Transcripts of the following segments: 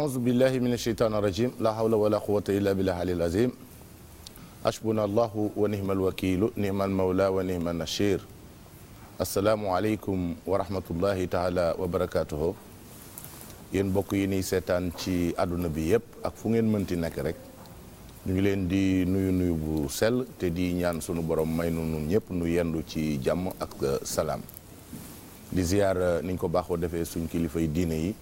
aoudu billahi min asheytaan irajim la hawla wala quwata illa billah alil azim asbuna allahu wa nihma alwakilu nihma almawla wa nihma nashir asalaamu aleykum wa rahmatullahi taala wa barakatuhu yéen bokk yi niy seetaan ci àdduna bi yëpp ak fu ngeen mënti nekk rek ñu ngi leen di nuyu nuyu bu sell te di ñaan sunu borom may nu nun ñëpp nu yendu ci jàmm ak salaam di ziyaar eh, niñ ko baaxoo defee suñ kilifay diine yi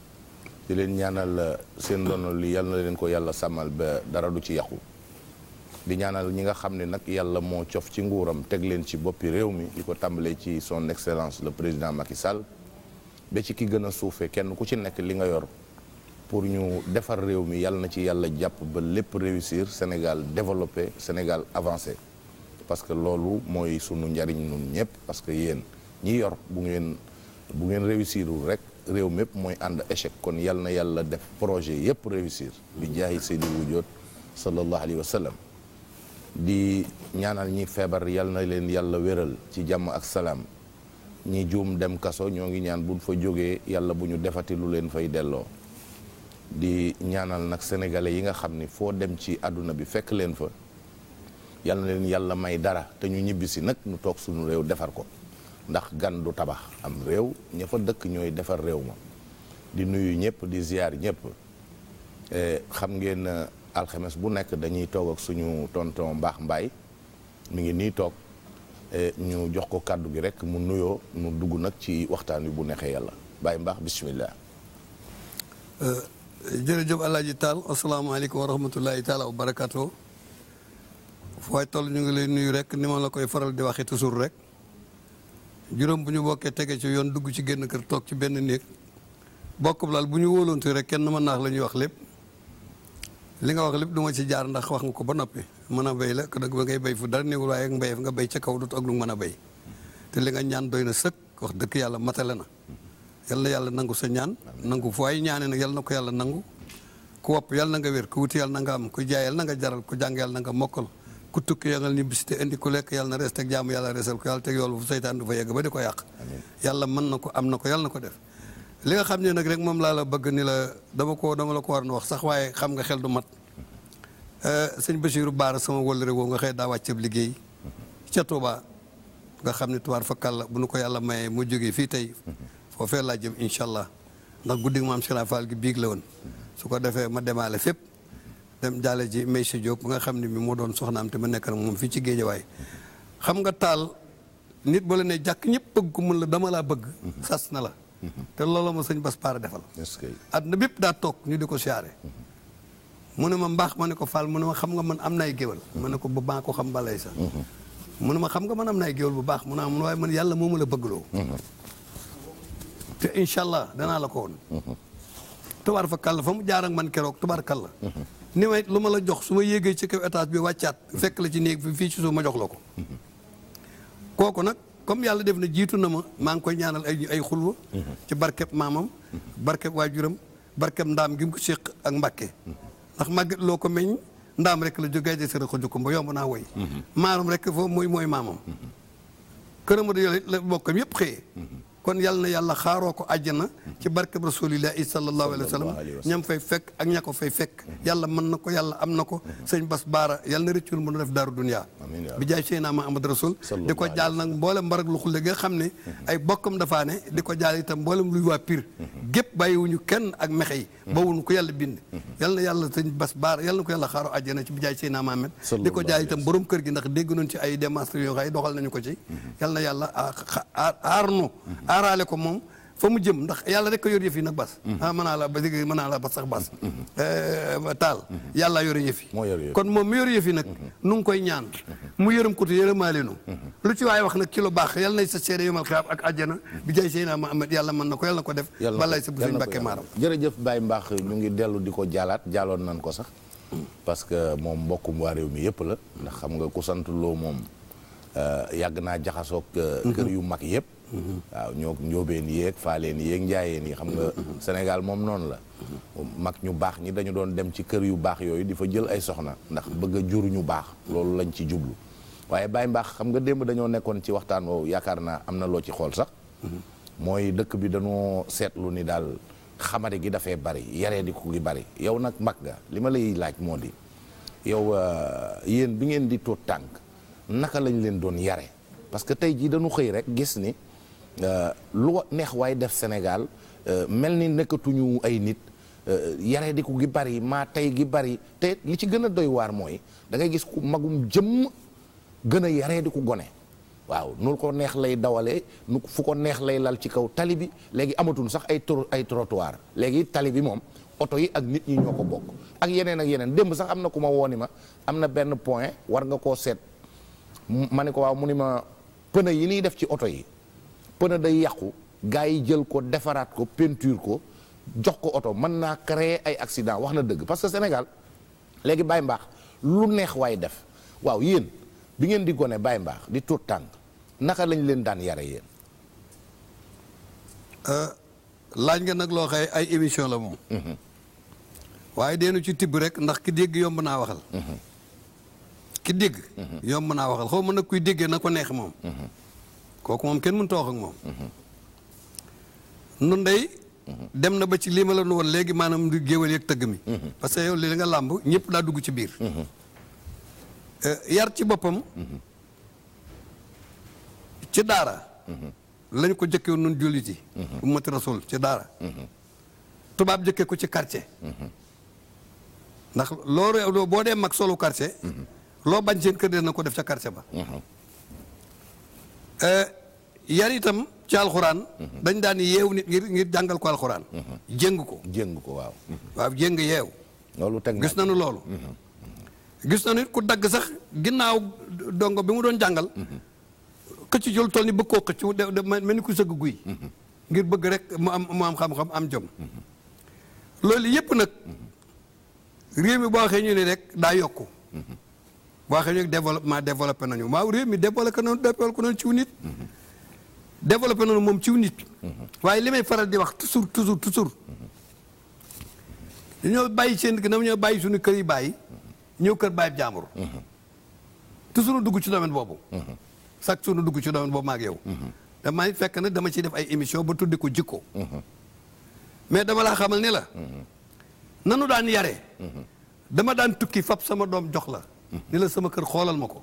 di leen ñaanal euh, seen ndono li yal na leen ko yàlla sàmmal ba dara du ci yàqu di ñaanal ñi nga xam ne nag yàlla moo cof ci nguuram teg leen ci boppi réew mi li ko tàmbalee ci son excellence le président Macky Sall ba ci ki gën a suufee kenn ku ci nekk li nga yor pour ñu defar réew mi yàlla na ci yàlla jàpp ba lépp réussir Sénégal développé Sénégal avancé parce que loolu mooy sunu njariñ ñun ñëpp parce que yéen ñi yor bu ngeen bu ngeen réussirul rek réew mépp mooy ànd échec kon yal na yàlla def projet yépp réussir bi jaay seydi wujoot sallallahu alayhi wa sallam di ñaanal ñi feebar yal na leen yàlla wéral ci jàmm ak salaam ñi juum dem kaso ñoo ngi ñaan buñ fa jógee yàlla bu ñu defati lu leen fay delloo di ñaanal nag sénégalais yi nga xam ni foo dem ci àdduna bi fekk leen fa yal leen yàlla may dara te ñu ñibbi si nag ñu toog suñu réew defar ko ndax gan du tabax am réew ña fa dëkk ñooy defar réew ma di nuyu ñëpp di ziar ñëpp eh, xam ngeen eh, alxemes bu nekk dañuy toog ak suñu tonton mbaax mbaay mu ngi nii toog eh, ñu jox ko kàddu gi rek mu nuyoo mu dugg nag ci waxtaan wi bu neexee yàlla baay mbaax bismillah jërëjëf alaaji taal asalaamaaleykum wa rahmatullahi taala wa barakaatu fooy toll ñu ngi lay nuyu rek ni ma la koy faral di waxee toujours rek juróom bu ñu bokkee tege ci yoon dugg ci génn kër toog ci benn néeg bokkub laal bu ñu wóolontu rek kenn mën naax la ñuy wax lépp li nga wax lépp du ma ci jaar ndax wax nga ko ba noppi mën a béy la ko dëgg ba ngay béy fu dara néewul waaye ak mbéyeef nga bay ca kaw dut ak lu mën a bay te li nga ñaan doy na sëkk wax dëgg yàlla matale na yàlla yàlla nangu sa ñaan nangu fu ay ñaane nag yàlla na ko yàlla nangu ku wopp yàlla na nga wér ku wuti yàlla na nga am ku jaay yàlla na nga jaral ku jàng yàlla mokkal ku tukki yàlla ni bis indi ku lekk yàlla na rees teg jaamu yàlla reesal ko yàlla teg yool bu seytaan du fa yegg ba di ko yàq yàlla man na ko am na ko yàlla na ko def li nga xam ne nag rek moom laa la bëgg ni la dama ko dama la ko war na wax sax waaye xam nga xel du mat euh, sëñ Bachirou Baara sama wëllëre woo nga xëy daa wàcc ab liggéey ca Touba nga xam ne tuwaar fa kàlla bu nu ko yàlla mayee mu jógee fii tey foofee laa jëm incha allah ndax guddi maam Sera Fall gi biig la woon su ko defee ma demaale fépp dem jaale ji Meysa Diop nga xam ne bi moo doon soxnaam te ma nekkal moom fii ci géejawaay xam nga taal nit boo la ne jàkk ñëpp bëgg ko mun la dama laa bëgg sas na la te loolu ma sëñ Bass Paara defal àdduna bépp daa toog ñu di ko siyaare mu ne ma mbaax ma ne ko Fall mu ne ma xam nga man am nay géwal ma ne ko bu baax ko xam balay sax mu ne ma xam nga man am nay géwél bu baax mu ne waaye man yàlla moo ma la bëggloo te incha allah danaa la ko woon tubaar fa mu jaar man keroog tubaar ni ma lu ma la jox su ma yéegee ci kaw étage bi wàccaat fekk la ci néeg bi fii ci suuf ma jox la ko kooku nag comme yàlla def na jiitu na ma maa ngi koy ñaanal ay ay xulwa ci barkeb maamam barkeb waajuram barkeb ndaam gi mu ko séq ak mbàkke ndax màggat loo ko meñ ndaam rek la jógay de sara ko jukkum yomb naa woy maaram rek foofu mooy mooy maamam këram da yole la bokkam yëpp xëyee kon yal na yàlla xaaroo ko àjjana ci barkeb rasulillahi sallallahu alayhi wa sallam ñam fay fekk ak ña ko fay fekk yàlla mën na ko yàlla am na ko sëñ Bas Baara yal na rëccul mën a def daaru dunya bi jaay Seydina Muhammad Rasul di ko jaal nag mboolem mbarag lu xulle nga xam ne ay bokkam dafaa ne di ko jaal itam mboolem luy waa pir gépp bàyyiwuñu kenn ak mexe yi ba wuñu ko yàlla bind yal na yàlla sëñ Bas Baara yal na ko yàlla xaaroo àjjana ci bi jaay Seydina Muhammad di ko jaal tam borom kër gi ndax dégg nañ ci ay démonstration yoo xam doxal nañu ko ci yal na yàlla ah, aar nu mm-hmm. aaraale ko moom fa mu jëm ndax yàlla rek ko yor yëf yi nag bas. Mhm. ah mën naa la ba mën naa la bas sax bas. Mhm. Eh, taal mhm. yàlla yor yëf yi. kon moom mi yor yëf yi nag. nu ngi koy ñaan. mu yërëm ko te yërëmaale nu lu ci waaye wax nag kilo lu baax yàlla nay sa seede yomal xiyaam ak àjjana bi jaay Seydina Muhammad yàlla mën na ko yàlla na ko def. yàlla na ko yàlla na ko yàlla Mbaax ñu ngi dellu di ko jaalaat jaaloon nañ ko sax. Mm. parce que moom mbokkum waa réew mi yëpp la ndax xam nga ku sant loo moom Euh, yàgg naa jaxasoog euh, mhm. kër yu mag yëpp mhm. waaw ñoo njóobeen yéeg faaleen yéeg njaayeen yi xam nga mhm. Sénégal moom noonu la um, mag ñu baax ñi dañu doon dem ci kër yu baax yooyu di fa jël ay soxna ndax bëgg a jur ñu baax loolu lañ ci jublu waaye Baye Mbaax xam nga démb dañoo nekkoon ci waxtaan woowu yaakaar naa am na loo ci xool sax mooy dëkk bi dañoo seetlu ni daal xamari gi dafee bari yaree di ko gi bari yow nag mag nga li ma lay laaj moo di yow euh, yéen bi ngeen di tuut tànk naka lañ leen doon yare parce que tey jii dañu xëy rek gis ni euh, lu neex waaye def Sénégal euh, mel ni nekkatuñu ay nit euh, yare di ko gi bari maa tey gi bari te li ci gën a doy waar mooy da ngay gis ku magum jëmm gën a yaree di ko gone waaw nu ko neex lay dawalee nu fu ko neex lay lal ci kaw tali bi léegi amatul sax ay tro ay trottoir léegi tali bi moom oto yi ak nit ñi ñoo ko bokk ak yeneen ak yeneen démb sax am na ku ma wooni ma am na benn point war nga koo seet ma ne ko waaw mu ni ma pneu yi ñuy def ci oto yi pneu day yàqu gars yi jël ko defaraat ko peinture ko jox ko oto mën naa créer ay accident wax na dëgg parce que Sénégal léegi Baye Mbaax lu neex waay def waaw yéen bi ngeen di gone Baye Mbaax di tuut tànk naka lañ leen daan yare yéen. Euh, laaj nga nag loo xay ay émission la moom. Mhm. waaye deenu ci tibb rek ndax ki dégg yomb naa waxal. Mhm. ki dégg. yomb naa waxal xaw ma nag kuy déggee na ko neex moom. kooku moom kenn mënut a wax ak moom. nun day dem na ba ci lii ma la nu woon léegi maanaam du géwél yeeg tëgg mi. parce que yow li nga làmb ñëpp daa dugg ci biir. Eh, yar ci boppam. ci daara. lañ ko jëkkee nun jullit yi. ummati rasul ci daara. tubaab jëkkee ko ci quartier. ndax loolu boo dee mag solo quartier. loo bañ seen kër des na ko def ca quartier ba mhm. eh, yar itam ci alxuraan mhm. dañ daan yeew nit ngir ngir jàngal ko alxuraan mhm. jéng ko jéng ko waaw waaw yeew loolu teg gis nañu loolu gis nañu ku dagg sax ginnaaw dongo bi mu doon jàngal xëcc jul toll ni bëgg koo xëcc mel ni ku sëgg guy ngir bëgg rek mu am mu am xam-xam am jom loolu yépp nag réew mi boo waxee ñu rek daa yokku boo xam ne développement développé nañu waaw réew mi développé nañu développé nañu ciw nit développé nañu moom ciw nit waaye li may faral di wax toujours toujours toujours dañoo bàyyi seen ginnaaw ñoo bàyyi suñu kër yi bàyyi ñëw kër bàyyi jaambur toujours dugg ci domaine boobu chaque jour dugg ci domaine boobu maag yow damay fekk nag dama ciy def ay émission ba tuddi ko jikko mais dama laa xamal ne la nanu daan yare dama daan tukki fab sama doom jox la ni la sama kër xoolal ma ko.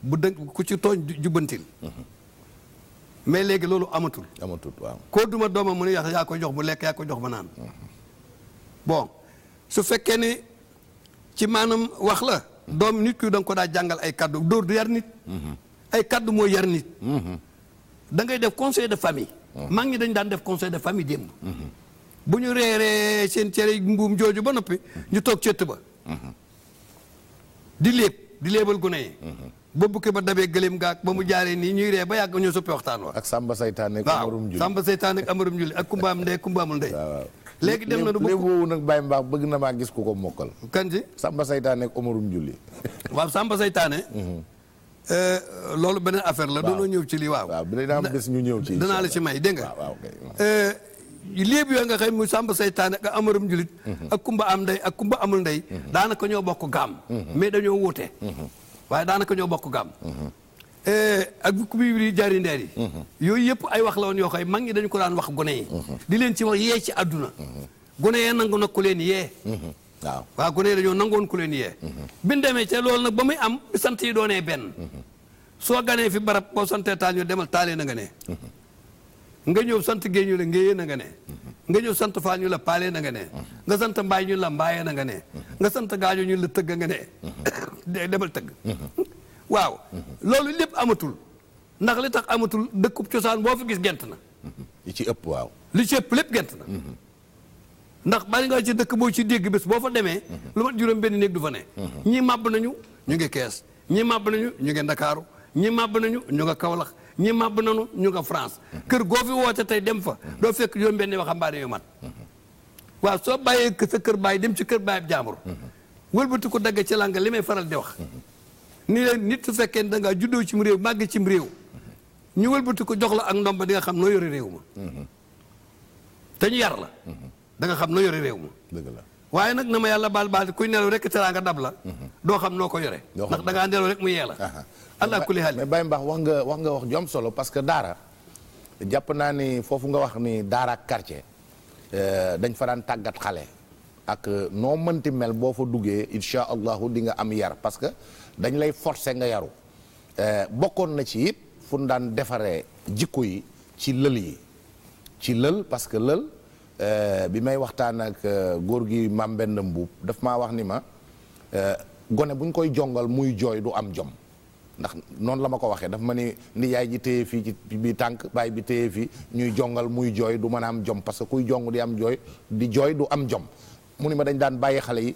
bu dënk ku ci tooñ jubbantil mais léegi loolu amatul. amatul waaw koo duma doomam mu ne yaa bu lekk yaa ko jox ba naan. bon su fekkee ni ci maanaam wax la. doom nit ku da ko daa jàngal ay kàddu dóor du yar nit. ay kaddu mooy yar nit. da ngay def conseil de famille. mag ñi dañ daan def conseil de famille démb. bu ñu reeree seen cere mbuum jooju ba noppi. ñu toog cëtt ba. di léeb di léebal gune yi ba mhm. bukki ba dabee gëléem gaak ba mu jaaree nii ñuy ree ba yàgg ñu suppi waxtaan wa ak Samba Seytaane ak Amarum Julli Samba Seytaane ak Amarum Julli ak Kumbaam Ndey Kumbaamul Ndey léegi dem na du léegi woowu nag Baye Mbaax bëgg na maa gis ku ko mokkal kan ci Samba Seytaane ak Amarum Julli waaw Samba Seytaane mhm. euh, loolu beneen affaire la doonoo ñëw ci lii waaw waaw dina am bés ñu ñëw ci danaa la ci may dégg léeb yooyu nga xëy muy sàmb seytaane ak amaram julit mhm. ak kumba am ndey ak kumba amul ndey mhm. daanaka ñoo bokk gaam mhm. mais dañoo wuute waaye daanaka ñoo bokk gaam eh, ak ku bi jari ndeer yi yooyu yëpp ay wax la woon yoo xëy mag ñi dañu ko daan wax gone yi di leen ci wax yee ci àdduna gone yee nangu na ku leen yee waaw gone yi dañoo nangoon ku leen yee bi ñu ci ca loolu nag ba muy am bi sant yi doonee benn soo ganee fi barab boo santee taal ñu demal taalee na nga ne nga ñëw sant Guèye ñu la ngéyee na nga ne nga ñëw sant Fall ñu la paalee na nga ne nga sant Mbaay ñu la mbaayee na nga ne nga sant Gaajo ñu la tëgg nga ne demal tëgg waaw loolu lépp amatul ndax li tax amatul dëkkub cosaan boo fi gis gent na li ci ëpp waaw li ci ëpp lépp gent na ndax bari nga ci dëkk boo ci dégg bés boo fa demee lu mat juróom benn néeg du fa ne ñi màbb nañu ñu ngi kees ñi màbb nañu ñu ngi ndakaaru ñi màbb nañu ñu nga kawlax ñi màbb nanu ñu nga France kër goo fi woote tey dem fa doo fekk yoon benn waxambaane yu mat waaw soo bàyyee sa kër baay dem ci kër baay ab jaambur wëlbati ko dagg ci langa li may faral di wax ni leen nit fekkee ne da ngaa juddoo cim réew màgg cim réew ñu wëlbati ko jox la ak ndomba di nga xam noo yore réew ma te ñu yar la danga xam noo yore réew ma dëgg waaye nag na ma yàlla bal baal kuy nelaw rek teraanga dab la mhm. doo xam noo ko yore ndax da ngaa rek mu yee allah kulli haal mais Baye Mbax wax nga wax nga wax ju solo parce que daara jàpp naa ni foofu nga wax nii daara ak quartier euh, dañ fa daan tàggat xale ak noo mënti mel boo fa duggee incha allahu di nga am yar parce que dañ lay forcer nga yaru euh, bokkoon na ci it fu ñu daan defaree jikko yi ci lël yi ci lël parce que lël euh, bi may waxtaan ak góor gi maam benn mbuub daf maa wax ni ma gone buñ koy jongal muy jooy du am jom ndax noonu la ma ko waxee dafa ma ni ni yaay ji téye fii ci bi tànk baay bi téye fii ñuy jongal muy jooy du mën a am jom parce que kuy jong di am jooy di jooy du am jom mu ni ma dañ daan bàyyi xale yi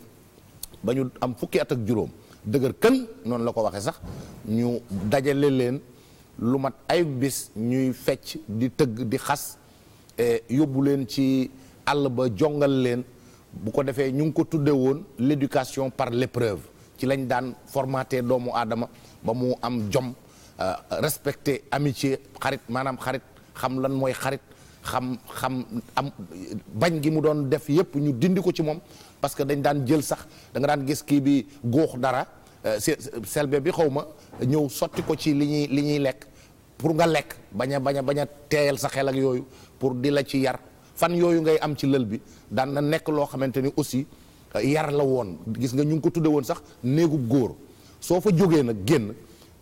ba ñu am fukki at ak juróom dëgër kën noonu la ko waxee sax ñu dajale leen lu mat ay bis ñuy fecc di tëgg di xas e yóbbu leen ci àll ba jongal leen bu ko defee ñu ngi ko tuddee woon l'éducation par l'épreuve ci lañ daan formaté doomu aadama ba mu am jom euh, respecter amitié xarit maanaam xarit xam lan mooy xarit xam xam am bañ gi mu doon def yépp ñu dindi ko ci moom parce que dañ daan jël sax da nga daan gis kii bi góox dara euh, selbe bi xaw ma ñëw sotti ko ci li ñuy li ñuy lekk pour nga lekk bañ a bañ a bañ a teeyal sa xel ak yooyu pour di la ci yar fan yooyu ngay am ci lël bi daan na nekk loo xamante ni aussi yar la woon gis nga ñu ngi ko tudde woon sax néegu góor soo fa jógee nag génn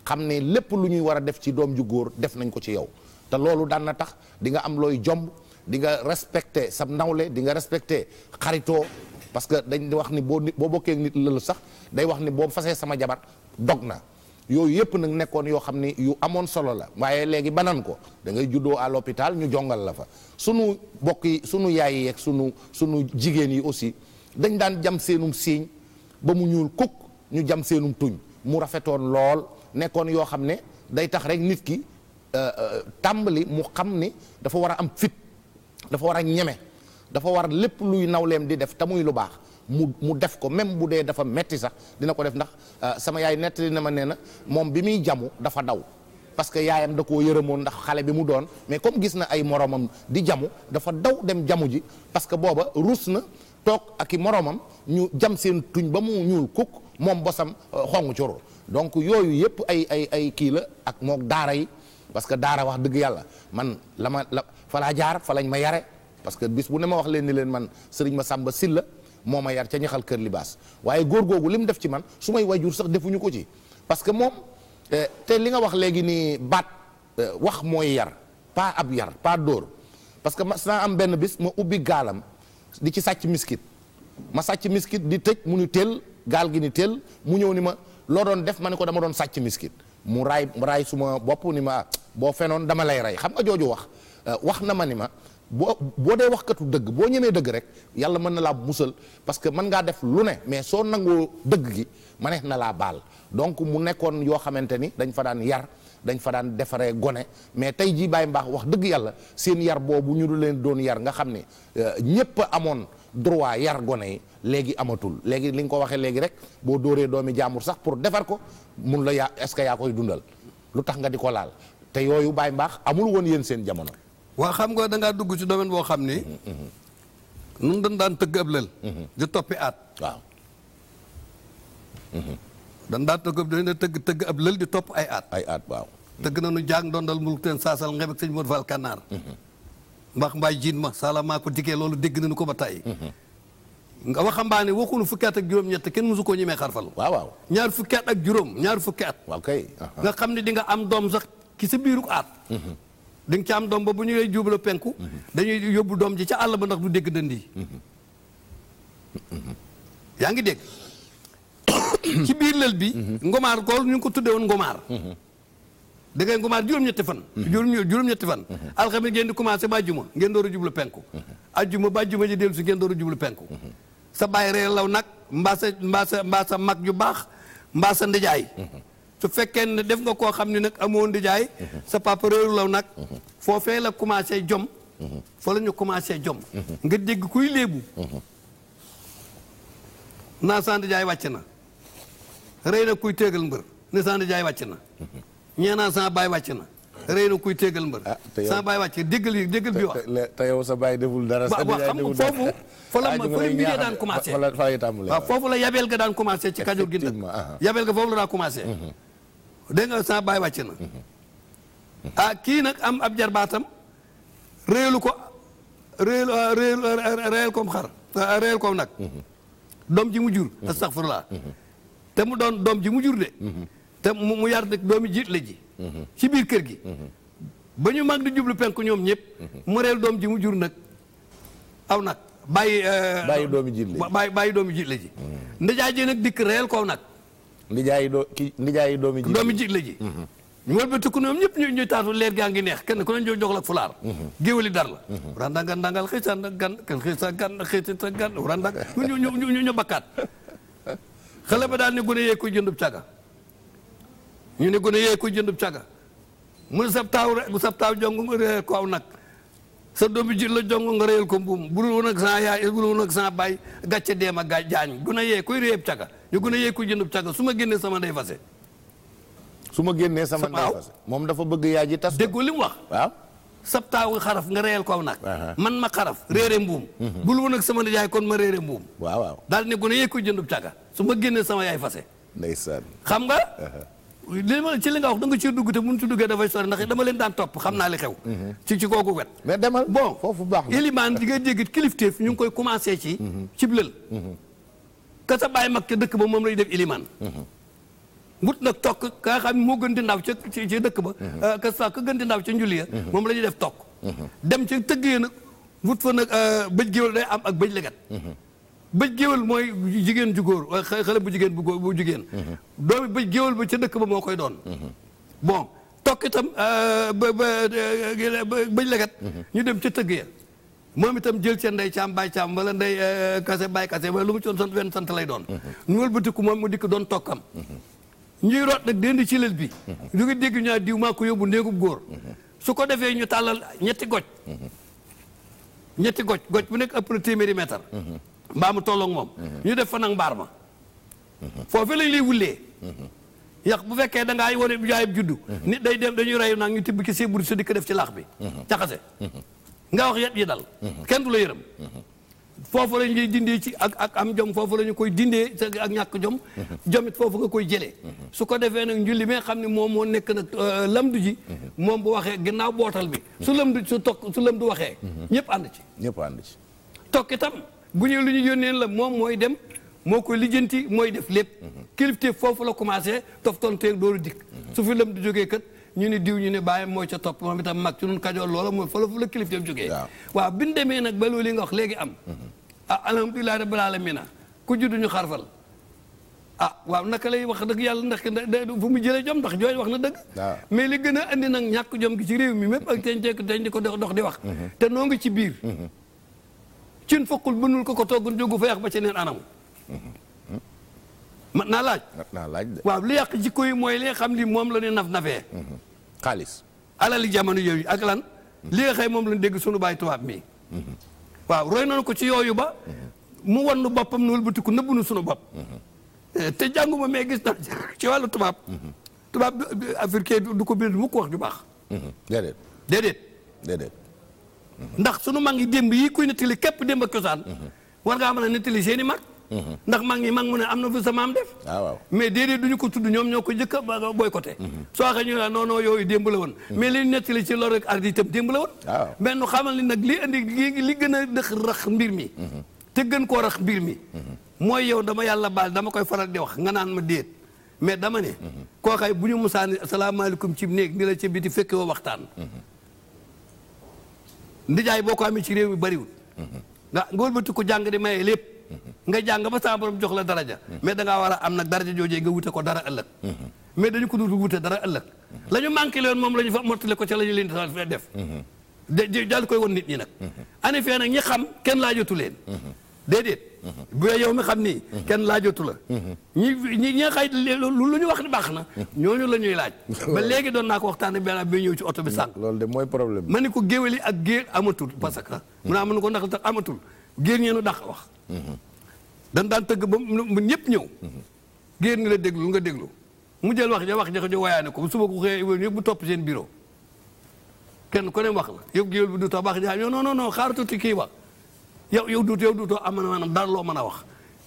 xam ne lépp lu ñuy war a def ci doom ju góor def nañ ko ci yow te loolu daan na tax di nga am looy jomb di nga sam sa nawle di nga respecté xaritoo parce que dañ wax ni boo nit boo bokkee nit lël sax day wax ni boo fasee sama jabar dog na yooyu yëpp nag nekkoon yoo xam ni yu amoon solo la waaye léegi banaan ko da ngay juddoo à l'hôpital ñu jongal la fa sunu bokk yi sunu yaay yi ak sunu jigéen yi aussi dañ daan jam seenum siiñ ba mu ñuul kukk ñu jam seenum tuñ mu rafetoon lool nekkoon yoo xam ne day tax rek nit ki euh, euh, tàmbali mu xam ni dafa war a am fit dafa war a ñeme dafa war lépp luy nawleem di def te muy lu baax mu mu def ko même bu dee dafa metti sax dina ko def ndax euh, sama yaay nettali na ma nee na moom bi muy jamu dafa daw parce que yaayam da koo yërëmoon ndax xale bi mu doon mais comme gis na ay moromam di jamu dafa daw dem jamu ji parce que booba rus na toog ak i moromam ñu jam seen tuñ ba mu ñuul kukk moom bosam euh, xong coro donc yooyu yëpp ay ay ay kii la ak moo daara yi parce que daara wax dëgg yàlla man la ma la fa laa jaar fa lañ ma yare parce que bis bu ne ma wax leen ni leen man sëriñ ma sàmba silla moo ma yar ca ñaxal kër libaas waaye góor googu li mu def ci man su may wayjur sax defuñu ko ci parce que moom euh, te li nga wax léegi nii baat euh, wax mooy yar pas ab yar pas dóor parce que mas am benn bis ma ubbi gaalam di ci sàcc miskit ma sàcc miskit di tëj mu ñu teel gaal gi ni teel mu ñëw ni ma loo doon def ma ne ko dama doon sàcc miskit mu raay raay suma bopp ni ma boo fenoon dama lay rey xam nga jooju wax euh, wax na ma ni ma boo boo dee wax katu dëgg boo ñemee dëgg rek yàlla mën na laa musal parce que mën ngaa def lu ne mais soo nangoo dëgg gi ma manees na laa baal donc mu nekkoon yoo xamante ni dañ fa daan yar dañ fa daan defaree gone mais tey jii baay mbaax wax dëgg yàlla seen yar boobu ñu du leen doon yar nga xam ne euh, ñépp amoon droit yar gone yi léegi amatul léegi li nga ko waxee léegi rek boo dóoree doomi jaamur sax pour defar ko mun la yaa est-ce que yaa koy dundal lu tax nga di ko laal te yooyu baay mbaax amul woon yéen seen jamono. waa xam nga da dugg ci domaine boo xam ni. Mm-hmm, mm-hmm. nun dañ daan tëgg ab lël mm-hmm. di toppi aat. waaw. dañ daan tëgg ab tëgg tëgg ab lël di topp ay aat. ay aat waaw. tëgg na nu jàng doon dal muluk teen saasal ngem ak sëñ Mor Fall Kanaar. mbaax mbaa jiin ma sala maa ko loolu dégg nañu ko ba tàyyi nga waxambaane waxuñu fukki at ak juróom-ñett kenn mësu koo ñemee xarfal waaw waaw ñaar fukki at ak juróom ñaar fukki at waaw nga xam ne di am doom sax ki sa biiru aat mhm. di nga ci am doom ba bu ñu lay jublu penku mhm. dañuy yóbbu doom ji ca àll ba ndax du dégg dënd yi mhm. yaa ngi dégg ci biir lël bi ngomaar kool ñu ngi ko tudde woon ngomaar da ngay commencé juróom-ñetti fan juróom-ñetti fan alxames ngeen di commencé ba ajjuma ngeen door a jublu penku ajjuma ba ajjuma ji dellu si ngeen door a jublu penku sa bàyyi reer law nag mbaa sa mbaa mag ju baax mbaa sa su fekkee ne def nga koo xam ni nag amoo ndijaay sa papa réeru law nag foofee la commencé jom fa la ñu commencé jom nga dégg kuy léebu naa sa ndijaay na rey na kuy tegal mbër ne sa ndijaay na ñee saa sama baay wàcc na rëy na kuy téegal mbër ah, sama baay wàcc déggal yi bi wax te yow sa baay deful dara sa baay deful dara foofu fa la fa la mbiree daan commencé waaw yabeel ga daan commencé ci Kajoor gi yabeel ga foofu la daan commencé mhm. dégg nga sama baay wàcc na mhm. ah kii nag am ab jarbaatam réelu ko réel ah, réel ah, réel koom xar réel koom nag mhm. doom ji mu jur astaghfirullah te mu doon doom ji mu jur de te mu yar nag doomi ji la ji mhm. ci biir kër gi mhm. ba ñu mag di jublu penk ñoom ñëpp mhm. mu reel doom ji mu jur nag aw nag bàyyi euh, bàyyi doomi ji la bàyyi bàyyi doomi jiit la ji ndijaay ji nag dikk reel kow nag ndijaay doo ki ndijaay doomi jiit doomi jiit la ji ñu wëlbati ku ñoom ñëpp ñu ñu taatu leer gaa ngi neex kenn ku ne jox la fulaar géwali dar la randanga ndangal xëysa gan xëysa gan xëysa gan randang ñu ñu ñu ñu bakkaat xale ba daal ne gune yee koy jëndub caga ñu ne gone yee ko jëndub caga mu ne sab taaw bu sab taaw jong nga réyal ko aw nag sa doom bi jur la jong nga réyal ko mbuum bu dul woon sa yaay sa baay gàcce deema gaa jaañ gone yee kuy réyab caga ñu gone yee kuy jëndub caga su ma génnee sama ndey fase su ma génnee sama ndey moom dafa bëgg yaay ji tas déggoo li wax waaw sab taaw xaraf nga réyal ko aw nag uh-huh. man ma xaraf réere mbuum mm-hmm. bu dul woon ak sama yaay kon ma réere mbuum waaw waaw daal ne gone yee kuy jëndub caga su ma génnee sama yaay fase xam nga uh-huh. li ma li nga wax da nga ciy dugg te mënut a duggee dafay sori ndax dama leen daan topp xam naa li xew. Mhm. ci ci kooku wet. mais demal bon foofu baax na ilimaan di nga dégg kilifteef ñu ngi koy commencé ci. Mhm. cib lël. Mhm. ka sa bàyyi mag ca dëkk ba moom lay def ilimaan. mut nag tokk ka xam moo gën di ndaw ca ci dëkk ba. Ah, ka gën di ndaw ca njulli ya. moom la ñuy def tokk. dem ca tëgg ya nag wut fa nag ah, bëj géwél day am ak bëj legat bëj géwél mooy jigéen ju góor xale bu jigéen bu góor bu jigéen mm-hmm. doomi bëj géwél ba ca dëkk ba moo koy doon mm-hmm. bon tokk itam euh, ba bëj euh, lekat mm-hmm. ñu dem ca tëgg ya moom itam jël ca ndey caam baay caam wala ndey euh, kase baay kase wala lu mu ci doon sant wenn sant lay doon ñu wëlbatiku moom mu dikk doon tokkam ñuy root nag dend ci lël bi ñu ngi dégg ñu diw maa ko yóbbu néegub góor su ko defee ñu tàllal ñetti goj ñetti goj goj bu nekk ëpp na mbaa mu tolloog moom ñu def fa mbaar ma foofu lañ lay wullee yàq bu fekkee da ngaa bu jaayib juddu nit day dem dañuy reyu nag ñu tibb ci sibur su dikk def ci laax bi jaxase nga wax yet yi dal kenn du la yërëm foofu lañ lay dindee ci ak ak am jom foofu la koy dindee ak ñàkk jom jomit foofu nga koy jëlee su ko defee nag njulli mais xam ne moom moo nekk nag euh, lamdu ji moom bu waxee ginnaaw bootal bi su lamdu su toog su lamdu waxee ñëpp ànd ci ànd ci tokk itam bu ñu lu ñu yónnee la moom mooy dem moo ko lijjanti mooy def lépp kilifte foofu la commencé toftonteeg dooru dikk su fi lëm di jógee kat ñu ne diw ñu ne bàyyam mooy ca topp moom itam mag ci nun kajoor loola mooy fa la fu la kilifteem jógee waaw bi ñu demee nag ba loolu nga wax léegi am mm-hmm. ah alhamdulilah rabbil alamina ku juddu ñu xarfal a ah, waa naka lay wax dëgg yàlla ndax fu mu jële jom ndax jooy wax na dëgg mais li gën a indi nag ñàkk jom gi ci réew mi mépp ak teñ teñ di ko dox di wax mm-hmm. te noo ngi ci biir mm-hmm. cin fokkul bënul ko ko toggun jógu fa yàq ba ci neen anam mm-hmm. naa laaj mat laaj waaw li yàq jikko yi mooy li nga xam li moom la ne naf nafee mm-hmm. xaalis alali jamono yooyu ak lan mm-hmm. li nga xëy moom lañ dégg sunu baay tubaab mii waaw roy nañu ko ci yooyu ba mu wan nu boppam nu wëlbatiku nëbbu nu sunu bopp eh, te jànguma mais gis na ci wàllu tubaab tubaab africain du ko bind mu ko wax ju baax déedéet ndax sunu mag yi démb yi kuy nettali képp démb ak cosaan war ngaa mën na nettali seen mag ndax mag yi mag mu ne am na fu sa maam def ah, mais déedéet du ñu ko tudd ñoom ñoo ko jëkk a boycotté mhm. soo waxee ñu ne non non yooyu démb la woon mhm. mais li ñu nettali ci ak ar di itam la woon mais ah, nu xamal ni nag li indi li gën a dëx rax mbir mi mhm. te gën koo rax mbir mi mooy yow dama yàlla baal dama koy faral di wax nga naan ma déet mais dama ne koo xay bu ñu musaani asalaamaaleykum ci néeg ni la ci biti fekke woo waxtaan ndijaay boo ko amee ci réew mi bariwul nga wëlbati ko jàng di maye lépp nga jàng ba sa borom jox la daraja mais da ngaa war a am nag daraja joojee nga wute ko dara ëllëg mais dañu ko dul wute dara ëllëg lañu ñu manqué moom la ñu fa mottale ko ca la ñu leen di def jal koy won nit ñi nag année fee nag ñi xam kenn laajatu leen déedéet. Mhm. bu yow mi xam ni. Mhm. kenn laajatu la. Mhm. ñi ñi ñi nga xay lu ñu wax ni baax na. ñooñu la ñuy laaj. ba léegi doon naa ko waxtaanee benn bi ñëw ci oto bi sànq. loolu de mooy problème ma ni ko géwéli ak géer amatul parce que. mu naa mën ko ndax tax amatul géer ñeenu dax wax. dan daan tëgg ba mu ñëpp ñëw. géer ni la déglu nga déglu mu jël wax ja wax ja ko ja wayaane ko suba ko xëyee ñëpp mu topp seen bureau. kenn ko ne wax la yëpp géwél bi du tax baax ja non non non xaar tuuti kii wax. yow yow duut yow duutoo am na maanaam loo mën a wax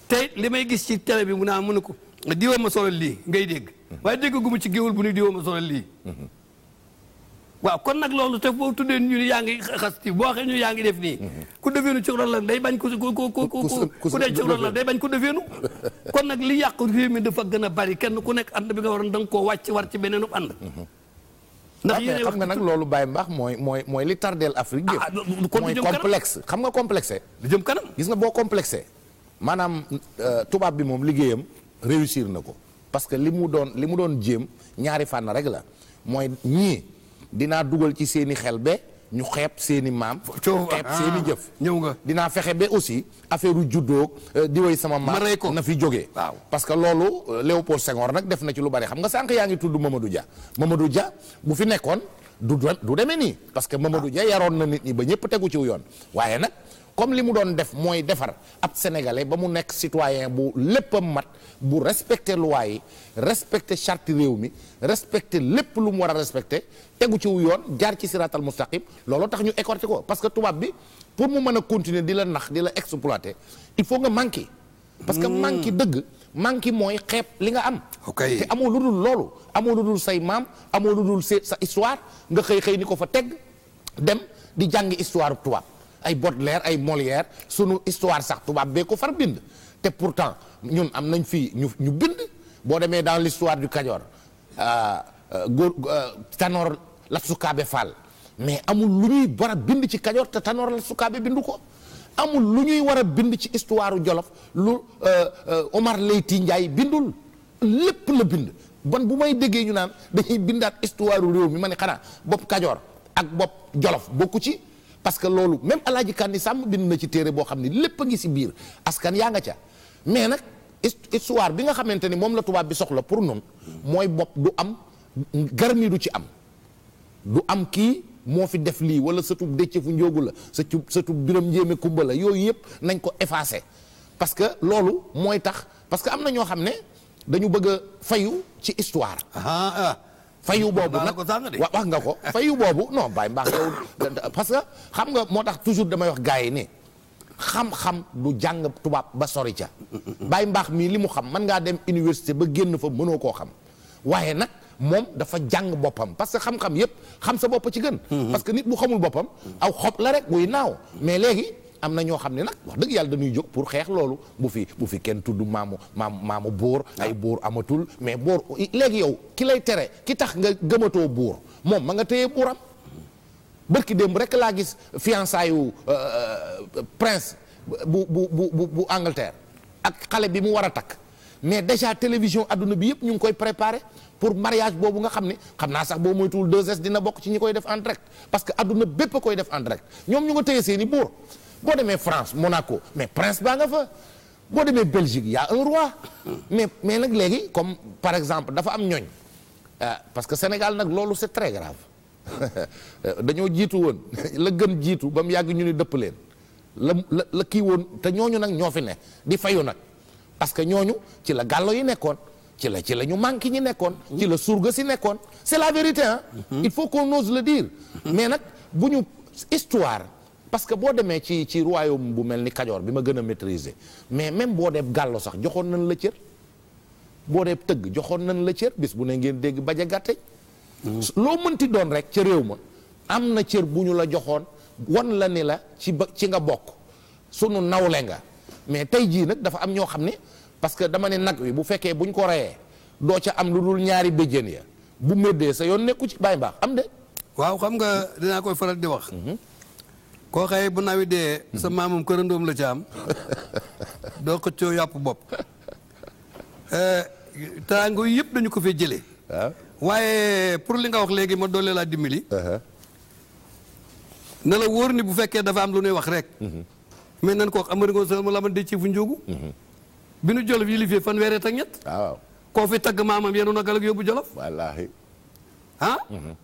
te li may gis ci télé bi mu naa mu ne ko diwa ma solal lii ngay dégg waaye dégg gu mu ci géwul bu ñu diwa ma solal lii waaw kon nag loolu te boo tuddee ñu ni yaa boo waxee ñu yaa ngi def nii ku defeenu ci lan la day bañ ku ku ku dee ci ron day bañ ku defeenu kon nag li yàq réew mi dafa gën a bari kenn ku nekk ànd bi nga waroon da nga koo wàcc war ci beneen ub ndax yéen xam nga nag loolu bàyyi mbaax mooy mooy mooy li tardeel Afrique yëpp ah, ah, mooy complexe xam nga complexé di jëm kanam gis nga boo complexé maanaam euh, tubaab bi moom liggéeyam réussir na ko parce que li mu doon li mu doon jéem ñaari fànn rek la mooy ñii dinaa dugal ci seeni xel be ñu xeeb seeni maam. xeeb ah, seeni jëf. ñëw nga dinaa fexe ba aussi affaire u juddoo euh, di woy sama maam. na fi jóge waaw parce que loolu euh, Léopold Senghor nag def na ci lu bari xam nga sànq yaa ngi tudd Mamadou Dia. Mamadou Dia bu fi nekkoon. du du demee nii parce que Mamadou Dia yaroon na nit ñi ba ñëpp tegu ciw yoon waaye nag comme li mu doon def mooy defar ab sénégalais ba mu nekk citoyen bu lépp léppam mat bu respecté loi yi respecté charte réew mi respecté lépp lu mu war a respecté tegu ciw yoon jaar ci siraatal mustaqim looloo tax ñu écorté ko parce que tubaab bi pour mu mën a continuer di la nax di la exploité il faut nga manqué parce que hmm. manqué dëgg manqué mooy xeeb li nga am. te amoo lu dul loolu amoo lu dul say maam amoo lu dul sa histoire nga xëy xëy ni ko fa teg dem di jàng histoire tubaab ay Baudelaire ay Molière sunu histoire sax tubaab bee ko far bind. te pourtant ñun am nañ fii ñu ñu bind boo demee dans l'histoire du Kajoor euh, euh, góor euh, Tanor Lapsukaabe Fall mais amul lu ñuy bara bind ci Kajoor te Tanor Lapsukaabe bindu ko. amul lu ñuy war a bind ci histoire Jolof lu euh, euh, Omar Leyti Ndiaye bindul lépp la bind bon bu may déggee ñu naan dañuy bindaat histoire réew mi ma ne xanaa bopp Kajoor ak bopp Jolof bokku ci parce que loolu même Alaaji Kànni Sàmm bind na ci téere boo xam ne lépp a ngi si biir askan yaa nga ca mais nag histoire bi nga xamante ni moom la tubaab bi soxla pour noonu mooy bopp du am garmi du ci am du am kii moo fi def lii wala sëtub dëcc fu njóogu la sëtub sëtub biram njéemé kumba la yooyu yëpp nañ ko effacé parce que loolu mooy tax parce que am na ñoo xam ne dañu bëgg a fayu ci histoire ah, ah. fayu boobu nag wa wax nga ko fayu boobu non bàyyi mbaax yow parce que xam nga moo tax toujours damay wax gars yi ne xam-xam du jàng tubaab ba sori ca bàyyi mbaax mii li mu xam mën ngaa dem université ba génn fa mënoo koo xam waaye nag moom dafa jàng boppam parce que xam-xam yëpp xam sa bopp ci gën. Mhm. parce que nit bu xamul boppam. aw xob la rek buy naaw mais léegi. am na ñoo xam ne nag wax dëgg yàlla dañuy jóg pour xeex loolu bu fi bu fi kenn tudd maamu maam maamu buur ah. ay buur amatul mais buur léegi yow ki lay tere ki tax nga gëmatoo buur moom ma nga téye buuram bërki démb rek laa gis fiançaayu euh, euh, prince bu bu bu bu Angleterre ak xale bi mu war a takk mais déjà télévision adduna bi yëpp ñu ngi koy préparé pour mariage boobu nga xam ne xam naa sax boo moytuwul 2S dina bokk ci ñi koy def en direct parce que adduna bépp a koy def en direct ñoom ñu nga téye seen i buur boo demee France Monaco mais prince baa nga fa boo demee Belgique y' a un roi mais mais nag léegi comme par exemple dafa am ñooñ euh, parce que Sénégal nag loolu c'est très grave dañoo jiitu woon la gën jiitu ba mu yàgg ñu ni dëpp leen la la la kii woon te ñooñu nag ñoo fi ne di fayu nag. parce que ñooñu ci la gàllo yi nekkoon ci la ci la ñu manqué ñi nekkoon ci la surga si nekkoon c'est la vérité ah il faut qu'on ose le dire mhm. mais nag bu ñu histoire parce que boo demee ci ci royaume bu mel ni Kajoor bi ma gën a maîtriser mais même boo dee gàllo sax joxoon nañ la cër boo dee tëgg joxoon nañ la cër bu ne ngeen dégg baja gàtte mhm. loo mënti doon rek ca réew ma am na cër bu ñu la joxoon wan la ni la ci ba ci nga bokk sunu nawle nga mais tey jii nag dafa am ñoo xam ne parce que dama ne nag wi bu fekkee buñ ko reyee doo ca am lu dul ñaari béjjén ya bu méddee sa yoon nekku ci baay mbaax am de. waaw xam nga dinaa koy faral di wax. Mhm. koo xëy bu nawi dee. sa mhm. maamum kërandoom la ca am doo ko coo yàpp bopp. Eh, teraango yëpp dañu ko fee jëlee. Ah. waaye pour li nga wax léegi ma doole laa dimbali. Uh-huh. na la wóor ni bu fekkee dafa am lu nuy wax rek. Mhm. mais nan ko wax amari ngoon sa ma la man dee ci fu njóogu bi nu jolof yi li fee fanweeri ak ñett. koo fi tagg maamam yéen a nagal ak yóbbu jolof. wallaahi. ah. Mhm.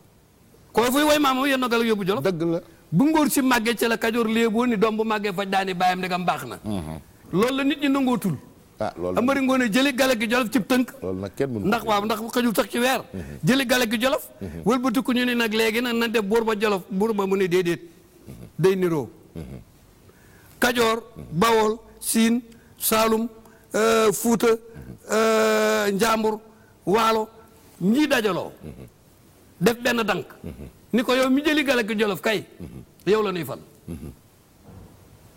koo fi woy maamam la bu ngóor si màggee ca la kajoor léeboo ni doom bu màggee faj daani bàyyam ndegam baax na. Mhm. loolu la nit ñi nangootul. ah loolu amari ngoone jëli gale gi jolof cib tënk ndax waaw ndax xajul sax ci weer mhm. jëli gale gi jolof wëlbati ku ñu ne nag léegi nag nan def buur ba jolof buur ba mu ne déedéet day niroo kajoor bawol siin saalum Euh, Fuuta euh, Njàmbur Waalo ñii dajaloo def benn dank ni ko yow mi jëli gale Jolof kay yow la nuy fal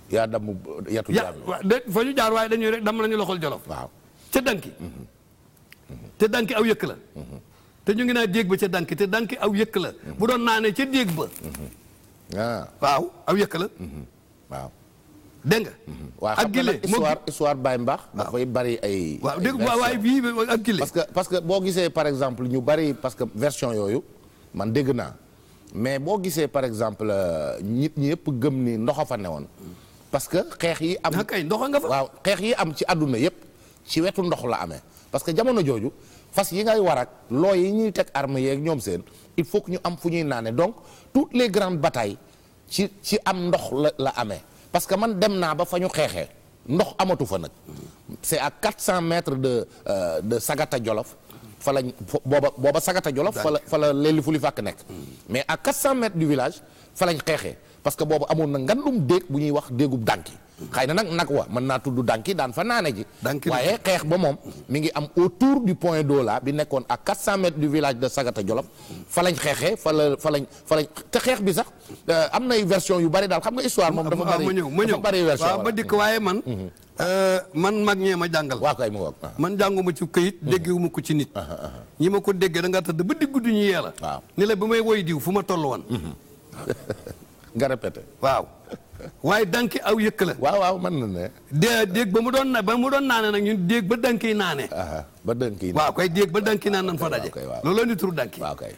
yaa damm yatu jaar ñu jaar waaye dañuy rek damm nañu loxol Jolof waaw ca danki te danki aw yëkk la te ñu ngi naa déeg ba ca danki te danki aw yëkk la bu doon naanee ca déeg ba ah. waaw aw yëkk la dégg nga. Mm-hmm. ak gile waaw histoire histoire Baye Mbax. dafay bari ay. waaw dégg nga waaye bii ak gile. parce que parce que boo gisee par exemple ñu bari parce que version yooyu man dégg naa mais boo gisee par exemple euh, nit ñi yëpp gëm ni ndoxa fa woon parce que xeex yi am. Ah, kay ndoxa nga xeex yi am ci àdduna yëpp ci wetu ndox la amee parce que jamono jooju fas yi ngay war ak loo yi ñuy teg arme yeeg ñoom seen il faut que ñu am fu ñuy naane donc toutes les grandes batailles ci ci am ndox la la amee. parce que man dem naa ba fa ñu xeexee ndox amatu fa nag c'est à 400 mètres de euh, de Sagata Jolof fa la booba booba Sagata Jolof fa la fa la leeli fu li fàkk nekk mais à 400 mètres du village fa lañ xeexee parce que boobu amoon na ngandum déeg bu ñuy wax déegub dànki xëy na nag nag waa mën naa tudd danki daan fa naane ji waaye xeex ba moom mi ngi am autour du point d'eau là bi nekkoon à 400 mètres du village de Sagata Jolof fa lañ xeexee fa la fa lañ te xeex bi sax euh, am nay version yu bari daal xam nga histoire moom dafa bari ah, dafa bari version waaw ba dikk waaye man mhm. euh, man mag ñee ma jàngal waa kay mu wax man jànguma ci këyit mhm. déggewuma ko ci nit ñi ma ko déggee da nga tëdd ba digg du ñu yee la ni la ba may woy diw fu ma toll woon mhm. waaw waaye danki aw yëkk la. waaw waaw man na ne. dé déeg ba mu doon na ba mu doon naane nag ñu déeg ba danki naane. ba danki waaw koy déeg ba danki naan nan fa daje. looloo ni turu danki. waaw kay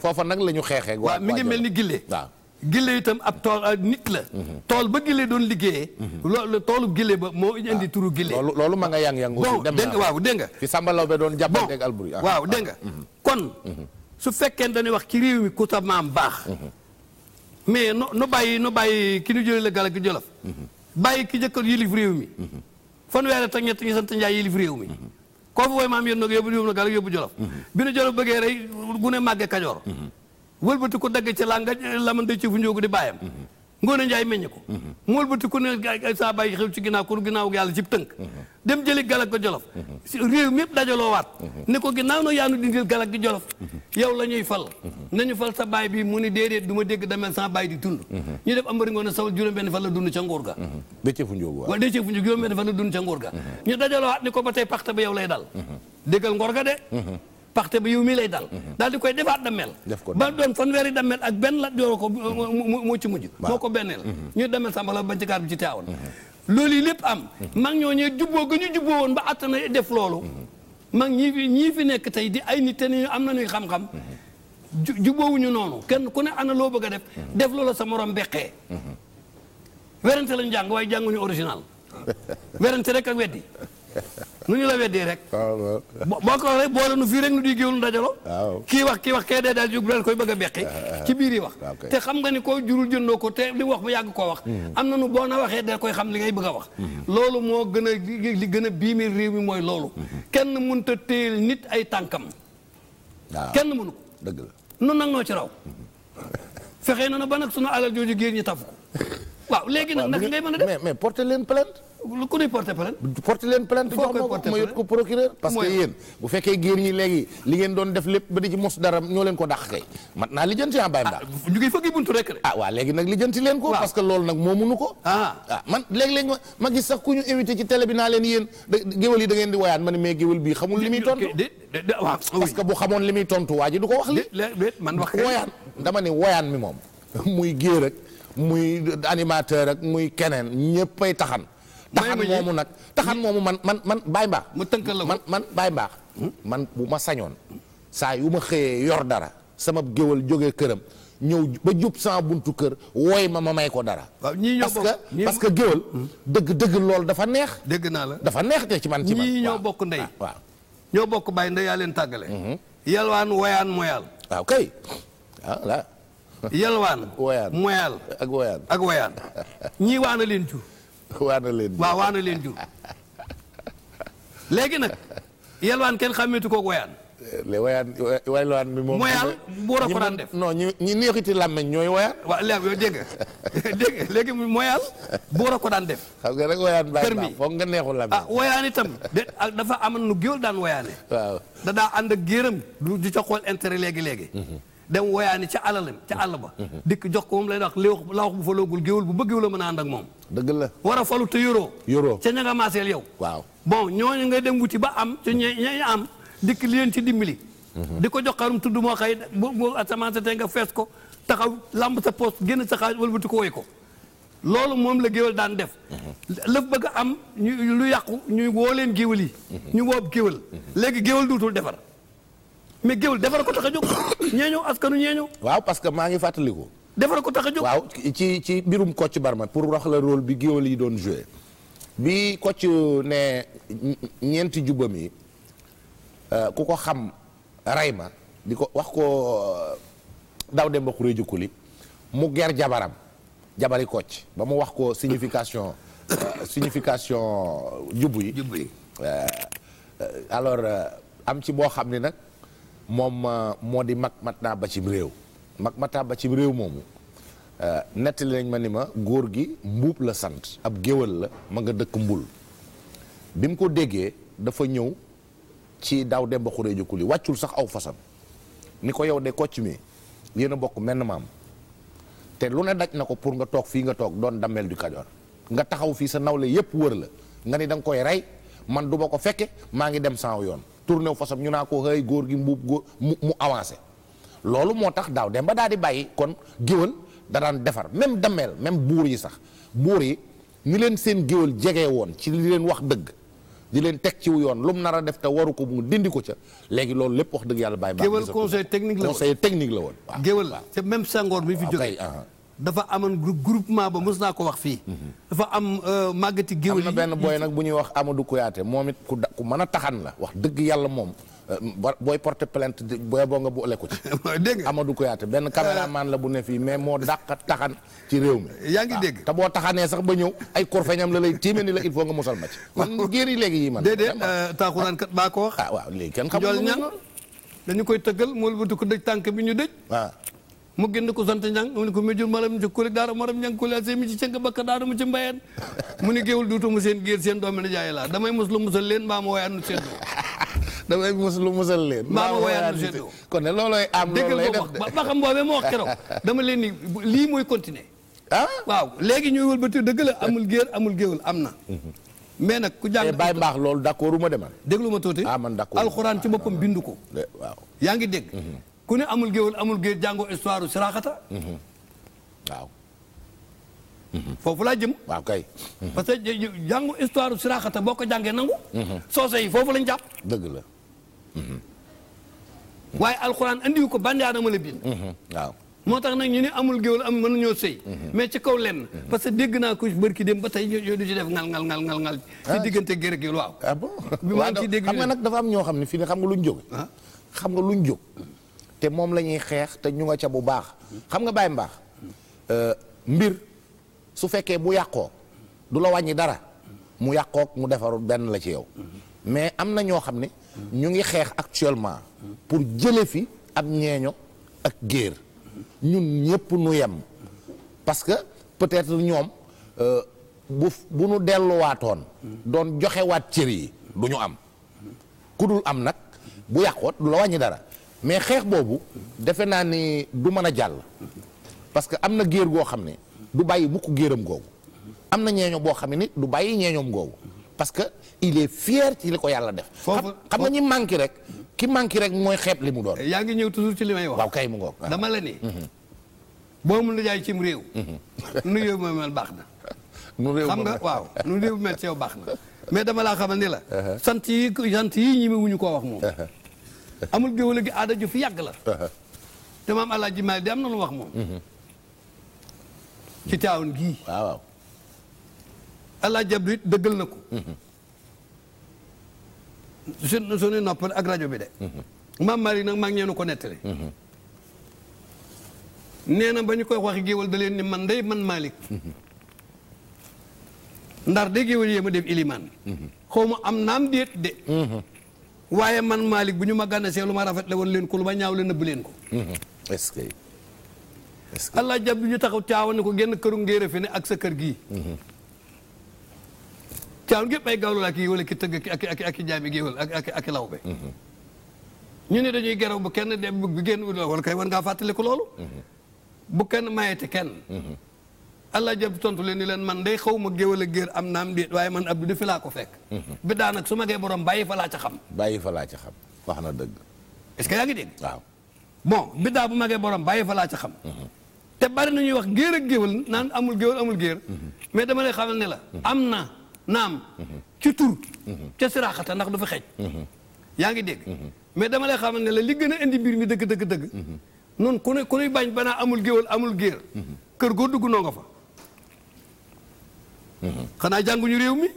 foofa nag la ñu xeexee. waaw mi ngi mel ni gille. waaw gille itam ab tool euh, nit la. Mhm. tool ba gille doon liggéeyee. Mhm. loolu toolu gille ba moo indi turu gille. loolu loolu ma nga yang yang aussi dem na waaw dégg nga. fi Samba Laobé doon jàppanteeg Alboury. waaw dégg nga mhm. kon. su fekkee dañuy wax ci réew mi ku sa maam baax. mais no nu bàyyi nu bàyyi ki nu jëlee la gàll ak jolof bàyyi ki jëkkër yilif réew mi fanweer ak ñett ñi sant Njaay yilif réew mi koo fi wooy maam yéen nag yóbbu yóbbu na gàll ak yóbbu jolof bi nu jolof bëggee rey gune màgge kajoor wëlbati ku dagg ci laa nga laman day ci fu njóogu di bàyyam Ngoone Njaay meññ ko mu wëlbati ku ne saa bàyyi xew ci ginnaaw ku ginnaaw yàlla cib tënk dem jëli galag ko jolof réew mi yëpp dajaloo waat ne ko ginnaaw nag yaa nu dindil galak gi jolof yow la ñuy fal nañu fal sa baay bi mu ni déedéet du ma dégg damel sans baay di dund mhm. ñu def Amari Ngoone Sawal juróom-benn fan la dund ca nguur ga mhm. dëcceefu njóobu waaw dëcceefu njóobu juróom-benn fan la dund ca nguur ga mhm. ñu dajalowaat ni ko ngor ga de paxte yow mii lay dal daal di koy defaat damel ba doon fanweeri damel ak benn la jooro ko moo ci mujj moo ko benneel ñu damel sàmba la bañ ci kaar bi ci teewoon loolu yi lépp am mag ñoo ñee jubboo ga ñu jubboo woon ba attana def loolu mag ñii fi ñii fi nekk tey di ay nitta te ñu am nañuy xam-xam jubboowuñu noonu kenn ku ne ana loo bëgg a def mm-hmm. def loola sa moroom beqee mm-hmm. werante lañu jàng waaye jànguñu original werante rek ak weddi nu ñu la weddee rek boo ko waxee boole nu fii rek nu di géwlu dajalo kii wax kii wax kee dee daal jug daal koy bëgg a beqi ah, ah, ah. ci biir yi wax te xam nga ni koo jurul jëndoo ko te li wax bu yàgg koo wax mm-hmm. am na nu boo na waxee da koy xam li ngay bëgg a wax loolu moo gën a li gën a biimil réew mi mooy loolu kenn mënut a téyel nit ay tànkam kenn mënu ko dëgg la non nag noo ci raw fexe na na ba nag sunu alal jooju géer ñi taf ko waaw léegi nag naka ngay mën a def mais mais porter leen plainte lu ku ne porté plainte. porte leen plainte jox ma ko ma yóbbu ko procureur. parce que yéen bu fekkee géer yi léegi li ngeen doon def lépp ba di ci mos dara ñoo leen ko dàq kay. mat naa lijjanti ah bàyyam daal ah, ah. ah, da géwél yi di woyaat ma ne mais géwél bii xamul li muy tontu. parce que bu xamoon li muy tontu waa ji du ko wax li. man wax woyaan dama ne géer ak muy animateur ak muy keneen ñëppay taxan taxan moomu nag taxan moomu man man man baay mbaax ma tënkal la man man baay mbaax man bu ma sañoon saa yu ma xëyee yor dara sama géwal jóge këram ñëw ba jub sama buntu kër wooy ma ma may ko dara. waaw ñii ñoo bokk parce que parce hmm. dëgg dëgg loolu dafa neex. dégg naa la dafa neex te ci man. ci man ñii ñoo bokk ndey. waaw ñoo bokk bàyyi ndey yaa leen tàggale. Hmm. yalwaan woyaan moyal. waaw kay voilà. Ah, yalwaan. woyaan moyal ak woyaan. ak woyaan ñii waana leen ju. waana leen jur waaw leen jur léegi nag yelwaan kenn xàmmeetu koog wayaan eh, le wayaan moyaan buur ko daan def noo ñu ñi neexiti làmmeñ ñooy wayaan waaw léegi yow dégg nga léegi moyaan buur a ko daan def xam nga rek wayaan baax permis nga neexu làmmeñ ah wayaan itam de dafa amoon nu géwél daan wayaane waaw da daa ànd ak géram du ca xool intérêt léegi-léegi mhm. dem woyaani ca alalam ca àll ba dikk jox ko moom lay wax léew la bu fa loogul géwul bu bëggiw la mën a ànd moom dëgg la war a falu te yoroo yoroo ca ña nga maaseel yow waaw bon ñooñu nga dem wuti ba am ca ña am dikk li leen ci dimbali mhm. di ko jox xarum tudd moo xëy bu asamaan sa tey nga fees ko taxaw lamb sa poste génn sa xaalis wëlbati ko ko loolu moom la géwél daan def mhm. lëf bëgg am ñu lu yàqu ñu woo leen géwal yi mhm. ñu woob géwél léegi géwal duutul defar mais géwël defar ko tax a jóg ñee ñëw askanu ñee ñëw. waaw parce que maa ngi fàttaliku. defar ko tax a jóg waaw ci ci mbirum Kocc Barma pour wax la rôle bi géwël yi doon joué bi Kocc ne ñeenti jubam yi euh, ku ko xam rey ma di ko wax ko euh, daw dem ba xuree jukkuli mu ger jabaram jabari Kocc ba mu wax ko signification euh, signification jubbu yi. jubbu alors am ci boo xam ni nag. moom euh, moo di mag mat ba cim réew mag mat ba cim réew moomu euh, nett nañ ma ni ma góor gi mbuub la sant ab géwal la ma nga dëkk mbul bi mu ko déggee dafa ñëw ci daaw dem ba xuree jukuli wàccul sax aw fasam ni ko yow de kocc mi yéen a bokk menn maam te lu ne daj na ko pour nga toog fii nga toog doon dammeel di Kajoor nga taxaw fii sa nawle yépp wër la nga ni da nga koy rey man du ma ko fekke maa ngi dem saaw yoon tourné wu fasam ñu naa ko xëy góor gi mbuub góor mu mu avancé loolu moo tax daaw dem ba daal di bàyyi kon géwal da daan defar même dameel même buur yi sax buur yi ñu leen seen géwal jege woon ci li leen wax dëgg di leen teg ci wu yoon lu mu nar def te waru ko mu dindi ko ca léegi loolu lépp wax dëgg yàlla bàyyi. baax conseil technique la woon conseil technique la woon. waaw géwal même sangoor bi fi ah, jógee ah, ah. dafa amoon groupement ba mos naa ko wax fii. Mhm. dafa am euh, màggati géwél yi am na benn boy nag bu ñuy wax Amadou Kouyaté moom it ku da ku mën a taxan la wax dëgg yàlla moom. Euh, booy porté plainte booy boo nga bu ko dégg nga Amadou Kouyaté benn caméraman la bu ne fii mais moo dàq taxan ci réew mi. yaa ngi dégg te boo taxanee sax ba ñëw ay korfeñam la lay tiime ni la il nga musal ma ci. man géer yi léegi yi man. déedéet euh, taaxuraan kat baa ko wax. ah waaw léegi kenn dañu koy tëggal mool bu ko dëj tànk bi ñu dëj. waaw mu génn ko sant ñang mu ne ko mi jur malam ci kulik daara maram ñang a ase mi ci cënk bakka daara mu ci mbayeen mu ni géewul duutu mu seen géer seen doomi na jaay laa damay mos lu musal leen mbaa ma woy anu seddu damay mos leen mbaa ma woy kon ne loolooy am loolu lay def de ba xam boobee dama leen ni lii mooy continuer ah waaw léegi ñuy wëlbati dëgg la amul géer amul géewul am na mhm. mais nag ku jàng eh, baay mbaax loolu d'accord uma demal déglu ma tuuti ah man d'accord ci boppam ah, bindu ko waaw yaa ngi dégg mhm. ku ne amul géwél amul géer jàngoo histoire u siraxata mhm. Mhm. laa jëm waaw kay mhm. que jàngu histoire u siraxata boo ko jàngee nangu soose yi foofu lañ jàpp dëgg la waaye alxuraan andiwu ko bandi aadama la bind moo tax nag ñu ne amul géwél am mën ñoo sëy mais ci kaw lenn parce que dégg naa ko bërki dem ba tey yooyu du ci def ngal ngal ngal ngal ngal ah, ci diggante gér ak waaw ah bi maa nga nag dafa am ñoo xam ne fii ne xam nga luñ jóg ah. xam nga luñ jóg te moom la ñuy xeex te ñu nga ca bu baax xam nga bàyyi mbaax euh, mbir su fekkee bu yàqoo du la wàññi dara mu yàqook mu defaru benn la ci yow mais am na ñoo xam ne ñu ngi xeex actuellement pour jële fi ab ñeeño ak géer ñun ñëpp nu yem parce que peut-être ñoom euh, bu bu nu delluwaatoon doon joxewaat cër yi du ñu am ku dul am nag bu yàqoot du la wàññi dara mais xeex boobu defe naa ni du mën a jàll parce que am na géer goo xam ne du bàyyi mukk géeram googu am na ñeeño boo xam ne ni du bàyyi ñeeñoom googu parce que il est fier ci li ko yàlla def. foofu xam nga ñi manqué rek ki manqué rek mooy xeeb li mu doon. yaa ngi ñëw toujours ci li may wax. waaw kay mu ngoog dama la ni. Mhm. boo mun na jaay cim réew. Mhm. nu réew ma mel baax na. nu réew xam nga waaw nu réew mel ci baax na mais dama laa xamal ni la. Uh-huh. sant yi sant yii ñi wax moom. Uh-huh. amul géwél gi aada ju fi yàgg la uh-huh. te maam Alaaji Maalik di am na lu wax moom mm-hmm. ci taawun gii waaw Alaaji Abdu dëggal na ko mm-hmm. su suñu nopp ak rajo bi de mm-hmm. maam Maalik nag maa ngi ko nettali nee na ba ñu koy waxi géwél da ni man day man Maalik ndar de géwél yee ma def ilimaan xaw ma am naam déet de waaye man Malick bu ñu ma gànna see lu ma rafetle woon leen ko lu ma ñaaw leen nëbb ko. Mm-hmm. est-ce que est ñu taxaw caawa ne ko genn këru ngéere fi ne ak sa kër gii. Mm-hmm. caawa gépp ay gawlo la ak wala ki tëgg ki ak ak ak jaami gi wala ak ak ak lawbe. Mm-hmm. ñu ne dañuy geraw bu kenn de bu génn wala kay war ngaa fàttaliku loolu. bu kenn mayete kenn. allah jab tontu leen di leen man day xaw ma géwél a géer am naam déet waaye man Abdou di fi laa ko fekk. Mhm. bi daanaka su ma borom bàyyi fa laa ca xam. bàyyi fa laa ca xam wax na dëgg. est que yaa ngi dégg. waaw bon bi bu ma borom bàyyi fa laa ca xam. Mhm. te bari na ñuy wax géer ak naan amul géwél amul géer. Mhm. mais dama lay xamal ne la. am na naam. ci tur. ca siraaxata ndax du fi xeej. yaa ngi dégg. mais dama lay xamal ne la li gën a indi mbir mi dëgg dëgg dëgg. noonu ku ne ku ne bañ banaa amul géwél amul géer. kër goo dugg noo nga fa xanaa jànguñu réew mi.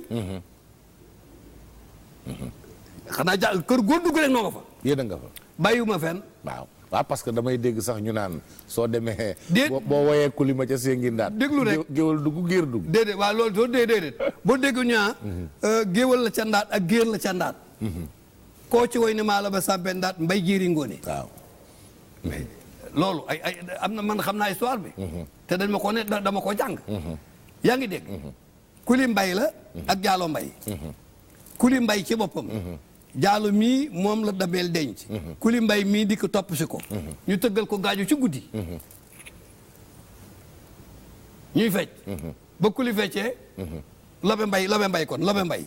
xanaa jàng kër góor dugg rek noo fa. yéen a nga fa. bàyyiwuma fenn. waaw waaw parce que damay dégg sax ñu naan soo demee. déet boo boo woyee kulima ca seen ngi ndaat. déglu rek géwal dugg géer dugg. déedéet waaw loolu soo déedéet boo déggu ñu ah, euh, la ca ndaat ak géer la ca ndaat. koo ci woy ne maa ba sàmpe ndaat mbay jéeri ngoone. loolu ay ay am na man xam naa histoire bi. Mhm. te dañ ma ko ne dama ko jàng. Mhm. yaa ngi dégg. Mhm. kuli mbay la ak jaalo mbay kuli mbay ci boppam jaalo mii moom la dabeel denc kuli mbay mii di ko topp si ko ñu tëggal ko gaaju ci guddi ñuy fecc ba kuli feccee lobe mbay lobe mbay kon lobe mbay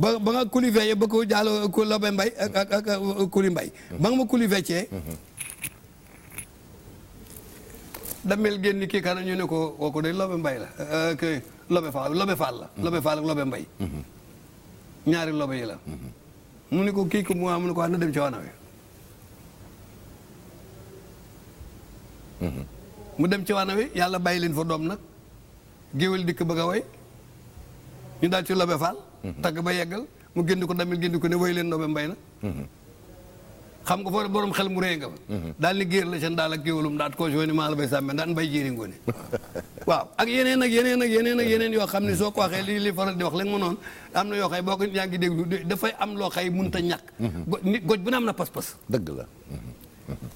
ba ba nga kuli feccee ba ko jaalo ko lobe mbay ak ak ak kuli mbay ba nga ma kuli feccee dameel génn kii kana ñu ne ko kooku day lobe mbay la euh, lobe faal lobe faal la lobe faal ak lobe mbay ñaari lobe yi la mu ni ko kii ko mu mu ne ko wax na dem ci wanag wi mu dem ci wanag yàlla bàyyi leen fa doom nag géwél dikk bëgg a way ñu daal ci lobe faal tagg ba yeggal mu génn ko damil génn ko ne way leen lobe mbay nag xam nga foo borom xel mu rëy nga fa mhm. daal ni géer la seen daal ak kéwalum ndaat koo sioni maa la bay sàmme ndaat mbay jëriñ waaw ak yeneen ak yeneen ak yeneen ak mhm. yeneen yoo xam ne soo ko mhm. waxee li li faral di wax léegi ma noonu am na yoo xay boo ko yaa ngi déglu dafay am loo xay munta nit goj bu na am na pas-pas dëgg la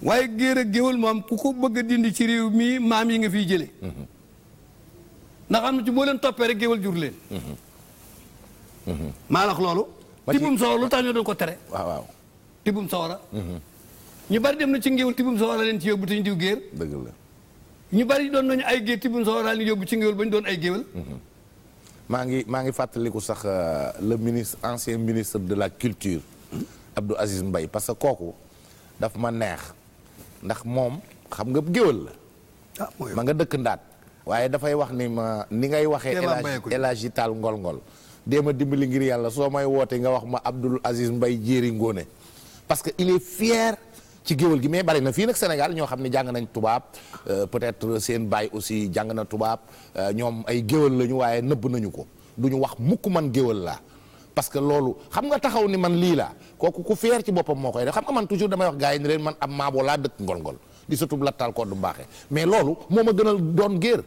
waaye géer ak géwal moom ku ko bëgg a dindi ci réew mii maam yi nga fiy jëlee ndax am na ci boo leen toppee rek géwal jur leen maa la loolu ci bum soow lu tax ñu doon ko tere waaw tibbum sawara mhm. ñu bari dem na ci ngéwul tibbum sawara leen ci yóbbu te ñu diw géer dëgg la ñu bari doon nañu ay géer tibbum sawara leen yóbbu ci ngéwul ba ñu doon ay géwél mhm. maa ngi maa ngi fàttaliku sax euh, le ministre ancien ministre de la culture Abdou Aziz mbay parce que kooku dafa ma neex ndax moom xam nga géwél la ah, ma nga dëkk ndaat waaye dafay wax ni ma ni ngay waxee El Hadji Tall Ngol Ngol déema dimbali ngir yàlla soo may wootee nga wax ma Abdoul Aziz mbay jéeri ngóone parce que il est fier ci géwél gi mais bari na fii nag Sénégal ñoo xam ne jàng nañ tubaab euh, peut-être seen baay aussi jàng na tubaab euh, ñoom ay géwél lañu waaye nëbb nañu ko du ñu wax mukk man géwél laa parce que loolu xam nga taxaw ni man lii laa kooku ku fier ci boppam moo koy def xam nga man toujours damay wax gars yi ni leen man ab maaboo laa dëkk ngol-ngol di satub lattal ko du mbaaxee mais loolu moo ma gënal doon géer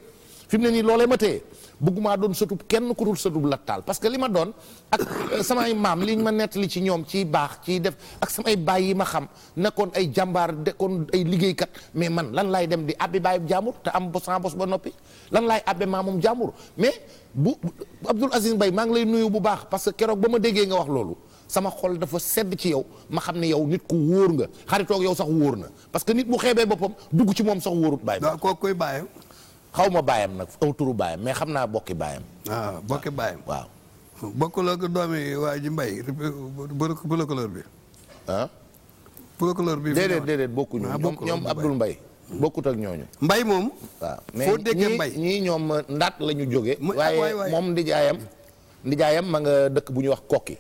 fi ne nii loolee ma téye bëggumaa doon sëtub kenn ku dul sëtub lattaal parce que li ma doon ak euh, samay maam liñ ma nettali ci ñoom ciy baax ciy def ak samay baay yi ma xam nekkoon ay jàmbaar dekkoon ay liggéeykat mais man lan laay dem di abbi baayub jaamur te am sans bos ba noppi lan laay abbe maamum jaamur mais bu Abdoul Aziz Mbaye maa ngi lay nuyu bu baax parce que keroog ba ma déggee nga wax loolu sama xol dafa sedd ci yow ma xam ne yow nit ku wóor nga xaritoog yow sax wóor na parce que nit bu xeebee boppam dugg ci moom sax wóorut baay. waaw kooku koy bàyyi. xaw ma baayam nag aw turu baayam mais xam naa bokki baayam. waaw ah, bokki baayam waaw. bokkuloo ko doomi waa ji mbay procureur bi. ah. procureur bi. déedéet déedéet bokkuñu ah, ñoom ñoom Abdoul Mbaye bokkut ak ñooñu. mbay moom. waaw foo déggee ñii ñoom euh, ndaat la ñu jóge waaye moom ndijaayam ndijaayam ma nga dëkk bu ñuy wax kokki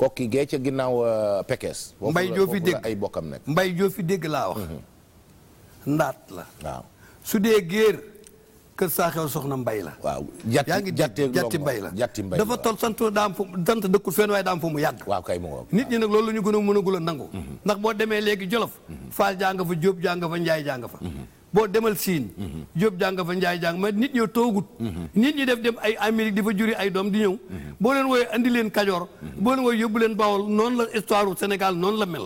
kokki gee ca ginnaaw euh, Pekes. mbay joo fi dégg ay bokkam mbay joo fi dégg laa wax. Mhm. ndaat la. waaw su dee géer kër saa xew soxna mbay la. waaw jatti yaa ngi jatti mbay la jatti mbay la dafa toll sant daa am fu sant dëkkul fenn waaye daa am fu mu yàgg. waaw kay mu ngoog nit ñi nag loolu la ñu gën a mën a nangu. Mhm. ndax boo demee léegi Jolof. Mhm. Faal jaa fa Jóob jaa fa Njaay jaa fa. Mhm. boo demal siin jóob jàng fa njaay jàng ma nit ñoo toogut nit ñi def dem ay Amérique di fa juri ay doom di ñëw boo leen wooyee leen Kajoor boo leen yóbbu leen Bawol noonu la histoire u Sénégal la mel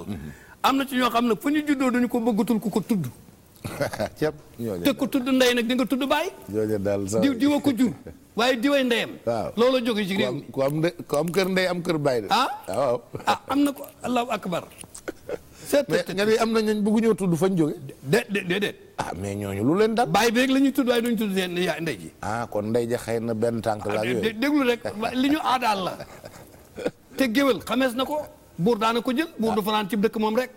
am na ci ñoo xam ne fu ñu juddoo dañu ko ceeb te ku tudd ndey nag di nga tudd baay. ñooñu daal sax diw diwa ko jur. waaye diway ndeyam. waaw loolu jóge ci réew mi ku am kër ndey am kër baay de. ah waaw ah am na ko allahu akbar. seet mais nga ne am na ñooñu bëgguñoo tudd fañ jóge. de de déedéet. ah mais ñooñu lu leen dal. baay bi rek la ñuy tudd waaye duñ tudd seen ndey ji. ah kon ndey ja xëy na benn tànk la ah, yooyu. déglu rek li ñu aadaal la. te géwél xamees na ko buur daana ko jël buur ah. du fanaan ci dëkk moom rek.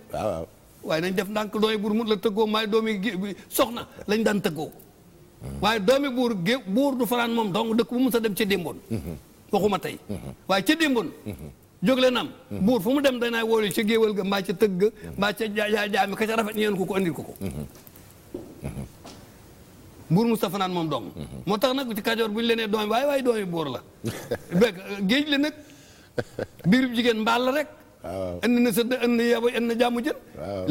waaye nañ def ndànk doomi buur mun la tëggoo maay doomi soxna lañ daan tëggoo waaye doomi buur gé du fanaan moom donc dëkk bu mu sa dem ca démboon waxuma tey waaye ca démboon jóg leen am buur mu dem danaay woolu ca géwél ga mbaa tëgg ga mbaa ca jaa jaami ñeen ko ko andil ko ko buur Moustapha moom dong moo tax nag ci Kajoor bu ñu lenee doomi waaye waaye doomi buur la bekk géej li nag biirub jigéen mbaal la rek waaw indi na sëdd indi yabo indi na jàmmu jën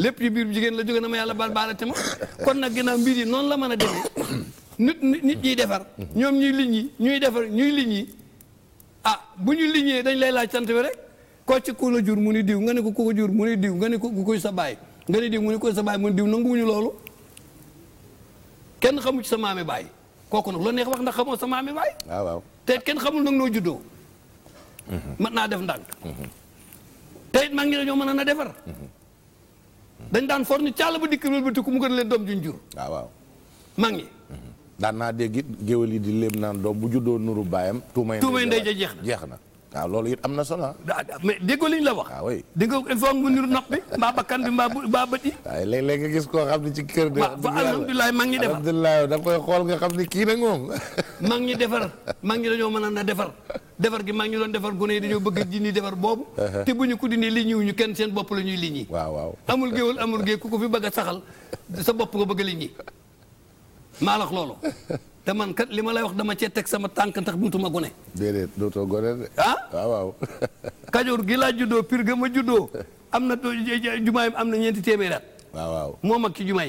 lépp ci biir jigéen la jóge na ma yàlla baal baalate ma kon nag ginnaaw mbir yi noonu la mën a demee nit nit ñiy defar ñoom ñuy liñ yi ñuy defar ñuy liñ yi ah bu ñu liñee dañ lay laaj sant bi rek ko ci ku la jur mu ni diw nga ne ko ku ko jur mu diw nga ne ko kuy sa baay nga ne diw mu ni sa baay mu ni diw nanguwuñu loolu kenn xamu ci sa maami baay kooku nag loo neex wax ndax xamoo sa maami baay waaw te kenn xamul nag noo juddoo mën mhm. naa def ndànk mhm. te it mag ñi dañoo mën a na defar. dañ daan for ñu càll ba dikk wëlbati ku mu gën leen doom juñ jur. waaw ah, waaw mag ñi. daan naa dégg it géwél yi di léem naan doom bu juddoo nuru baayam. tuumay ndey ja jeex jeex na. waaw it am na solo ah, ah, mais déggoo liñ la wax. waaw ah, oui di nga il faut nga nopp bi mbaa bakkan bi mbaa mbaa bët yi. waaye léeg-léeg gis koo xam ne ci kër. de waaw fa alhamdulilah maa ngi defar alhamdulilah da nga koy xool nga xam ne kii nag moom. maa ngi defar maa ngi dañoo mën a defar defar gi maa ngi doon defar gone yi dañoo bëgg di dindi defar boobu. Uh-huh. te bu ñu ko dindi li ñëw ñu kenn seen bopp la ñuy li ñi. waaw waaw amul amul géey ku ko fi bëgg a saxal sa bopp nga bëgg li ñi maa la te man li ma lay wax dama cee teg sama tànk ndax duutuma gone. déedéet dootoo gone de. ah, ah waaw waaw. kajoor gi laa juddoo pir ga ma juddoo am na jumaay am na ñeenti téeméeraat. waaw waaw moo mag ci jumaa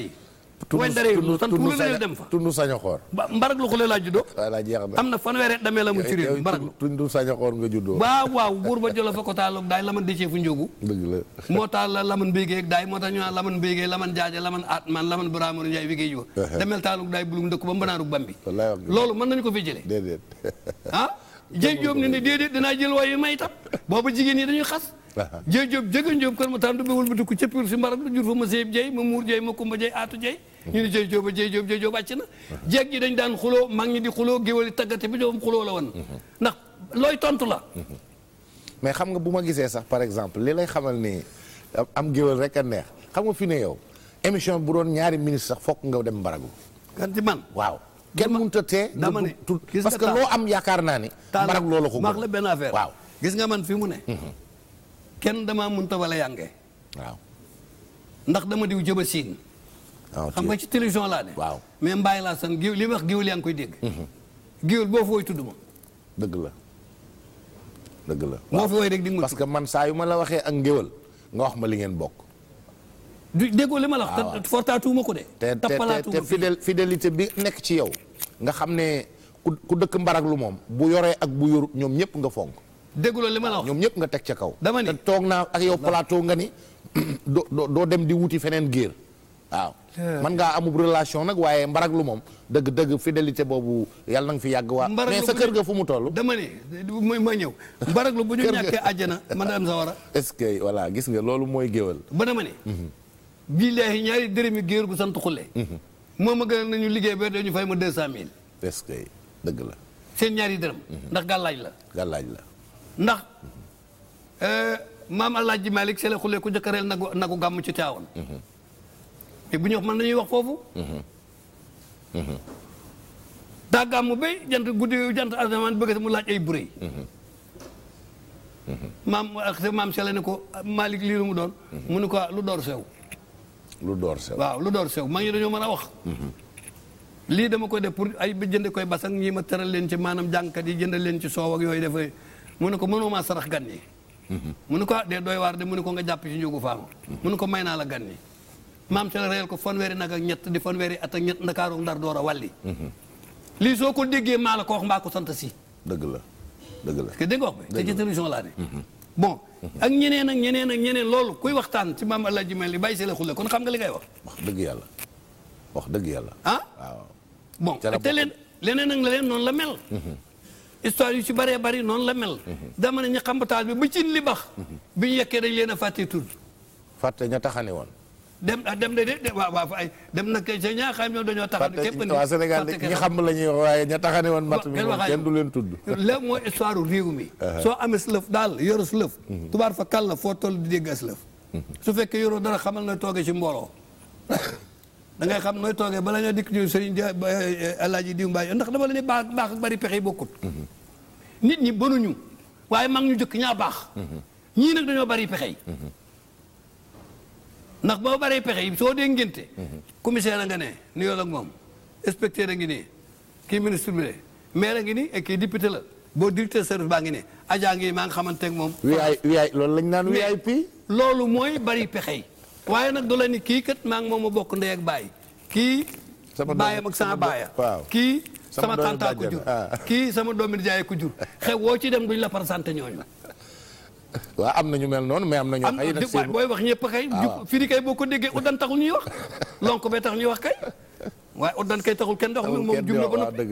wendare yi tan tuulu la ñu dem fa tundu sañoxoor mbarag lu xule laa juddoo voilà jeex na am na fanweeri damee la mu ci réew mbarag lu tundu sañoxoor nga juddoo waaw waaw ba jolo fa ko taaloog daay laman la moo taal la laman béygeeg man laman baraamar njaay wigéey juba damel taaloog daay bulug ndëkk ba mbanaarug bambi loolu mën nañu ko fi jëlee déedéet ah jéy jóob ne ne déedéet dinaa jël waaye may tam boobu jigéen ñi xas jéy jóob jëgan jóob kër ma taan du bewul bi si mbarag lu jur fa ma seeb jey ma muur jey ma kumba jey aatu jey ñu ne jëy jooba jëy joob jëy joob àcc na jeeg ñi dañ daan xuloo mag ñi di xuloo géwali taggate bi joom xuloo la woon ndax looy tontu la mais xam nga bu ma gisee sax par exemple li lay xamal nii am géwal rek a neex xam nga fi ne yow émission bu doon ñaari ministre sax fokk nga dem mbaragu kan man waaw kenn mënut a tee dama ne parce que loo am yaakaar naa ni mbarag loolu ko maax la benn affaire waaw gis nga man fi mu ne mhm. kenn damaa mënut a wala yànge waaw ndax dama diw jëba siin Ah, xam nga ci télévision laa waaw mais Mbaye laa san géew li ma wax géewul yaa ngi koy dégg. Mhm. géewul boo fa woy tudd ma. dëgg la dëgg la. moo fi woy rek di parce que man saa yu ma la waxee ak ngéwal nga wax ma li ngeen bokk. du déggoo li ma la wax. Ah, waaw te fortaatuuma ko de. tappalaatuuma te te te bi nekk ci yow. nga xam ne ku ku dëkk mbarak lu moom bu yoree ak bu yorut ñoom ñëpp nga fonk. dégguloo li ma la wax ñoom ñëpp nga teg ca kaw. dama te toog naa ak yow palaatoo nga ni doo doo dem di wuti feneen géer. waaw man ngaa amub relation nag waaye mbarag lu moom dëgg dëgg fidélité boobu yàlla na nga fi yàgg waa mais sa kër ga fu mu toll dama ne mooy mooy ñëw mbarag lu bu ñu ñàkkee àjjana man da am sa war a est-ce que voilà gis nga loolu mooy géwal ba dama ne mhm. billaahi ñaari dërëmi géer bu sant xulle mhm. moom a gën nañu liggéey ba dañu fay ma deux cent mille est-ce que dëgg la seen ñaari dërëm mhm. ndax gàllaaj la gàllaaj la ndax euh, maam Alaaji Malik Sele xulle ku jëkkëreel nagu nagu gàmm ci Tiwaawan te bu ñu wax man la ñuy wax foofu. daa mu ba jant guddi jant asamaan bëgg mu laaj ay burey. maam ak maam Sele ne ko Malick lii lu mu doon. mu ne ko ah, lu door sew. lu door sew lu door sew maa ngi dañoo mën a wax. lii dama ko def pour ay jënd koy basang ñii ma teral leen ci maanaam jànkat yi jëndal leen ci soow ak yooyu dafay mu ne ko mënoo maa sarax gan yi. mu ne ko ah dee doy waar de mu ne ko nga jàpp ci njugu faama. mu ne ko may naa la gan yi. maam Sall reyal ko fanweeri nag ak ñett di fanweeri at ak ñett ndakaaru ndar door a wàlli mhm. lii soo ko déggee maa la ko wax mbaa ko sant si. dëgg la dëgg la. parce que dégg nga laa mhm. bon mhm. ak ñeneen ak ñeneen ak ñeneen loolu kuy waxtaan ci maam El Hadj Mali bàyyi si la xulle kon xam nga li ngay wax. dëgg yàlla wax dëgg yàlla. ah waaw. bon te leen leneen ak leen noonu la mel. histoire yu ci bëree bëri noonu la mel. dama ne ñu xam taal bi ba cin li bax. bi ñu yekkee dañ leen a fàtte tur. fàtte ña taxane woon. dem ah, dem de waa waaw waaw ay dem na kay sa ñaa xam ñoom dañoo taxane képp ni waa Sénégal de xam la ñuy wax waaye ña taxane woon mat mi kenn du leen tudd léegi mooy histoire réew mi uh-huh. soo amee lëf daal yoru lëf mm-hmm. tubaar fa kal la foo toll di dégg as lëf mm-hmm. su fekkee yoroo dara xamal nooy toogee si mbooloo da ngay xam nooy toogee bala ñoo dikk ñu sëriñ Alaaji eh, Diw Mbaay ndax dama la ne baax bari pexe yi bokkut mm-hmm. nit ñi bonuñu waaye mag ñu jëkk ñaa baax ñii nag dañoo bari pexe yi ndax boo baree pexe yi soo dee ngénte commissaire a nga ne nuyoo ak moom inspecteur a ngi nii kii ministre bi ne maire a ngi nii et kii député la boo directeur service baa ngi ne agent ngi maa ngi xamante ak moom wiyaay loolu lañ naan wiyaay pii loolu mooy bari pexe yi waaye nag du la ni kii kat maa ngi moom a bokk ndey ak baay kii baayam mag sama baaya kii sama tàntaa ko jur ah. kii sama doomi jaay ko jur xew woo ci dem duñ la par présenté ñooñu waaw am na ñu mel noonu mais am na ñoo xëy na seen booy wax ñëpp kay. waaw ah. fii kay boo ko déggee uddan taxul ñuy wax lonk bee tax ñuy wax kay. waaye uddan kay taxul kenn dox mi moom jub na ba noppi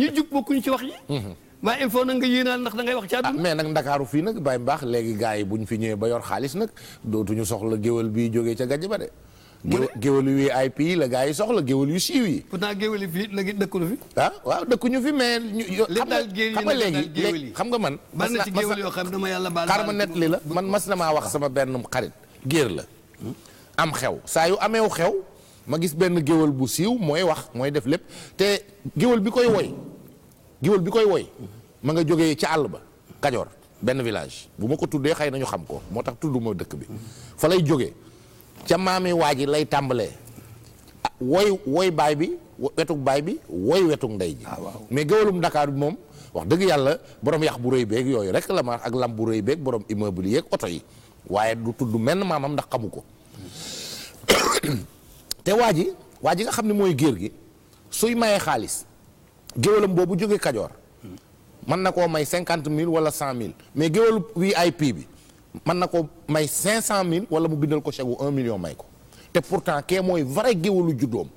ñi jub ñu ci wax yi. Mhm. waaye il faut nag nga yéenal ndax da ngay wax ci àdduna ah, mais nag ndakaaru fii nag bay mbaax léegi gars yi buñ fi ñëwee ba yor xaalis nag dootuñu soxla géwél bi jógee ca gàjj ba de géwél yu VIP yi la gars yi soxla géwél yu siiw yi. pourtant géwél yi fii nag dëkkuñu fi. ah waaw dëkkuñu fi mais. xam nga léegi xam nga man. mas na xar ma net la man mas na maa wax sama benn xarit. géer la am xew saa yu ameew xew ma gis benn géwél bu siiw mooy wax mooy def lépp te géwél bi koy woy géwél bi koy woy ma nga jógee ca àll ba Kajoor benn village bu ma ko tuddee xëy nañu xam ko moo tax tudduma dëkk bi fa lay jóge ca maami waa ji lay tàmbalee woy woy baay bi wetug baay bi woy wetug ndey ji ah, mais géwalum Dakar bi moom wax dëgg yàlla borom yàq bu rëy beeg yooyu rek la ma ak lam bu rëy beeg borom immeuble yeeg oto yi waaye du tudd menn maamam ndax xamu ko te waa ji waa ji nga xam ne mooy géer gi suy mayee xaalis géwalam boobu jóge Kajoor mën na koo may cinquante mille wala cent mille mais géwalu VIP bi mën na ko may cinq cent mille wala mu bindal ko chèque wu un million may ko te pourtant kee mooy vrai géwalu juddoom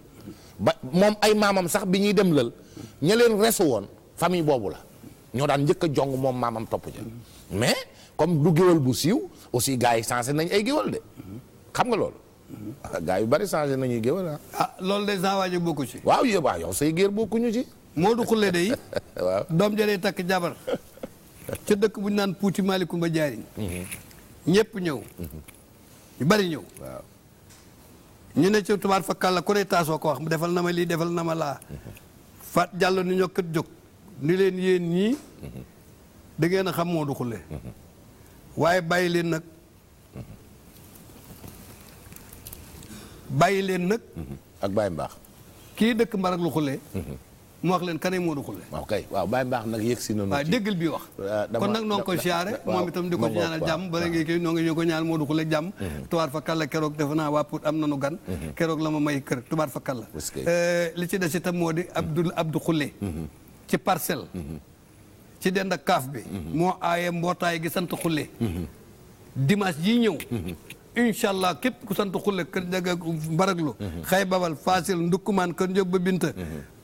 ba moom ay maamam sax bi ñuy dem lël ñeleen leen resu woon famille boobu la ñoo daan njëkk a jong moom maamam topp ja mais comme du géwal bu siiw aussi gars yi changé nañ ay géwal de xam nga loolu ah, gars yu bari changé nañuy géwal ah, ah loolu de sa waajo bokku ci waaw yow waaw yow say géer bokkuñu ci moo Modou Khoule de waaw doom jëlee takk jabar ca dëkk bu ñu naan Puuti Malicoumba Jaariñ ñëpp ñëw. ñu bari ñëw. ñu ne ci tubaar fakkal la ku taasoo ko wax mu defal na ma lii defal na ma laa. Fat jàll nu ñokkat jóg ni leen yéen ñii. da ngeen a xam Modou Khoule. waaye bàyyi leen nag. bàyyi leen nag. ak bàyyi mbaax. kii dëkk mbarak lu Khoule. mu wax leen kanay Modou Khoule waaw kay waaw Baye Mbaax nag yëg si noonu waaw déggal bi wax kon nag noo ngi siyaare moom itam di ko ñaanal jàmm bala ngay kii noo ngi ñoo ko ñaanal Modou Khoule jàmm mhm. tubaar fa kalla keroog defe naa waa Pout am nanu gan mhm. keroog la ma may kër tubaar fa kalla euh, li ci des itam moo di Abdoul mhm. Abdou Khoule ci parcelle ci dend kaaf bi moo aaye mbootaay gi sant xulle dimanche jii ñëw incha képp ku sant xulle kër njaga mbaraglu xay babal fasil ndukkumaan kër njob ba binta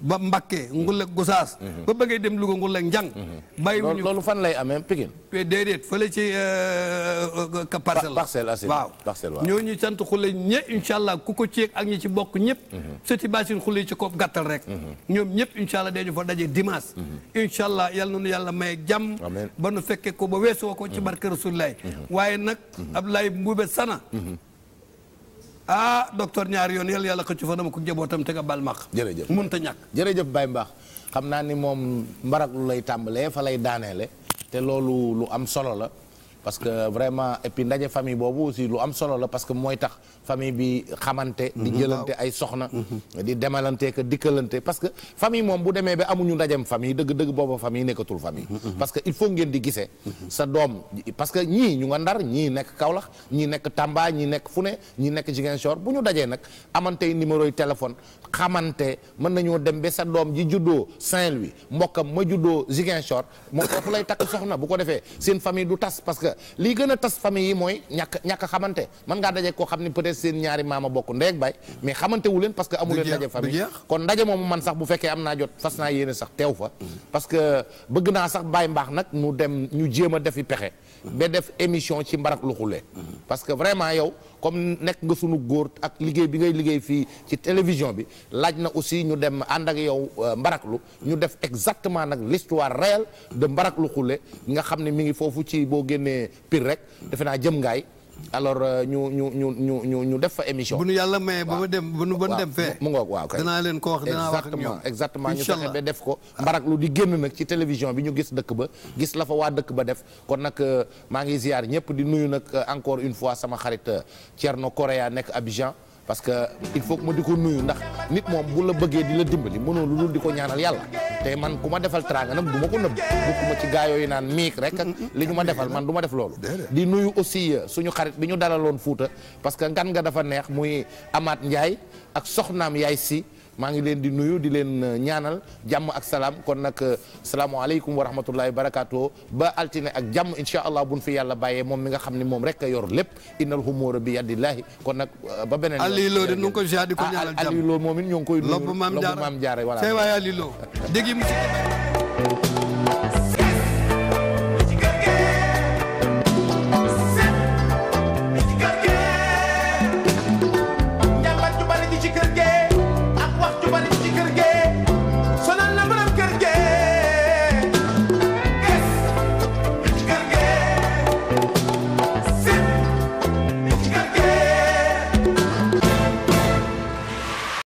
ba Mbakke Ngulek Gosaas. Mhm. ba bëggee dem Louga Ngulek Njang. Mhm. bàyyiwuñu loolu fan lay amee Pikine. Eh, déedéet fële ci ka euh, euh, parcelle. parcelle asile waaw waaw. ñooñu sant xule ñe incha allah ku ko ceeg ak ñi ci bokk ñëpp. Mhm. sëti baasin xule ci ko gàttal rek. ñoom ñëpp incha allah dañu fa dajee dimanche. incha allah yal na yàlla may jàmm. ba nu fekkee ko ba weesoo ko ci barke Rasulullah. waaye nag Abdoulaye Mboube Sana. ah docteur ñaari yoon yàlla yàlla xëcc fa dama ko jabootam te nga bal jëf jërëjëf mënta ñàkk jërëjëf Baye Mbaax xam naa ni moom mbarak lu lay tàmbalee fa lay daaneele te loolu lu am solo la parce que vraiment et puis ndaje famille boobu aussi lu am solo la parce que mooy tax famille bi xamante. di mhm. jëlante ay soxna. Mhm. di demalante que dikkalante parce que famille moom bu demee ba amuñu ndajem famille dëgg-dëgg booba famille nekkatul famille. Mhm. parce que il faut ngeen di gisee. sa doom parce que ñii ñu nga ndar ñii nekk Kaolack ñii nekk Tamba ñii nekk Fune ñii nekk Ziguinchor bu ñu dajee nag amante numéro yi téléphone. xamante mën nañoo dem be sa doom ji juddoo Saint-Louis mbokkam ma juddoo Ziguinchor moom kooku lay takk soxna bu ko defee seen famille du tas parce que lii gën a tas famille yi mooy ñàkk ñàkk xamante mën ngaa daje koo xam ni peut-être seen ñaari maama bokk ndey ak baay mais xamante leen parce que amuleen leen daje famille kon ndaje moom man sax bu fekkee am naa jot fas naa yéene sax teew fa mm-hmm. parce que bëgg naa sax baay mbaax nag mu dem ñu jéem a defi pexe ba def émission ci mbarak lu xule parce que vraiment yow comme nekk nga sunu góor ak liggéey bi ngay liggéey fii ci télévision bi laaj na aussi ñu dem ànd ak yow euh, mbaraklu ñu def exactement nag l'histoire réelle de mbarak lu xule nga xam ne mi ngi foofu ci boo génnee pire rek defe naa jëm ngaay alors euh, ñu ñu ñu ñu ñu ñu def fa émission. bu nu yàlla maye ba ba dem ba nu ba dem fee. mu ngoog waaw kay leen ko wax dinaa wax ak ñoom exactement ñu fexe ba def ko. mbarak lu di génn nag ci télévision bi ñu gis dëkk ba gis la fa waa dëkk ba def kon nag euh, maa ngi ziar ñëpp di nuyu nag euh, encore une fois sama xarit Thierno Correa nekk Abidjan. parce que il faut ma di ko nuyu ndax nit moom bu la bëggee di la dimbali mënoo lu dul di ko ñaanal yàlla te man ku ma defal teraanga nag du ma ko nëbb bokkuma ci gaa yooyu naan miik rek ak li ñu ma defal man duma def loolu di nuyu aussi euh, suñu xarit bi ñu dalaloon Fuuta parce que ngan nga dafa neex muy amaat Ndiaye ak soxnaam Yaay Si maa ngi leen di nuyu di leen euh, ñaanal jàmm ak salaam kon nag euh, salaamaaleykum wa rahmatullahi wa barakaatu ba altine ak jàmm incha allah buñ fi yàlla bàyyee moom mi nga xam ne moom rek a yor lépp innal humura bi yadillahi kon nag euh, ba beneen Aliou Lo de ko jaar di ko ah, ñaanal jàmm Aliou moom it ñoo ngi koy nuyu lobu maam jaare voilà tey waaye Aliou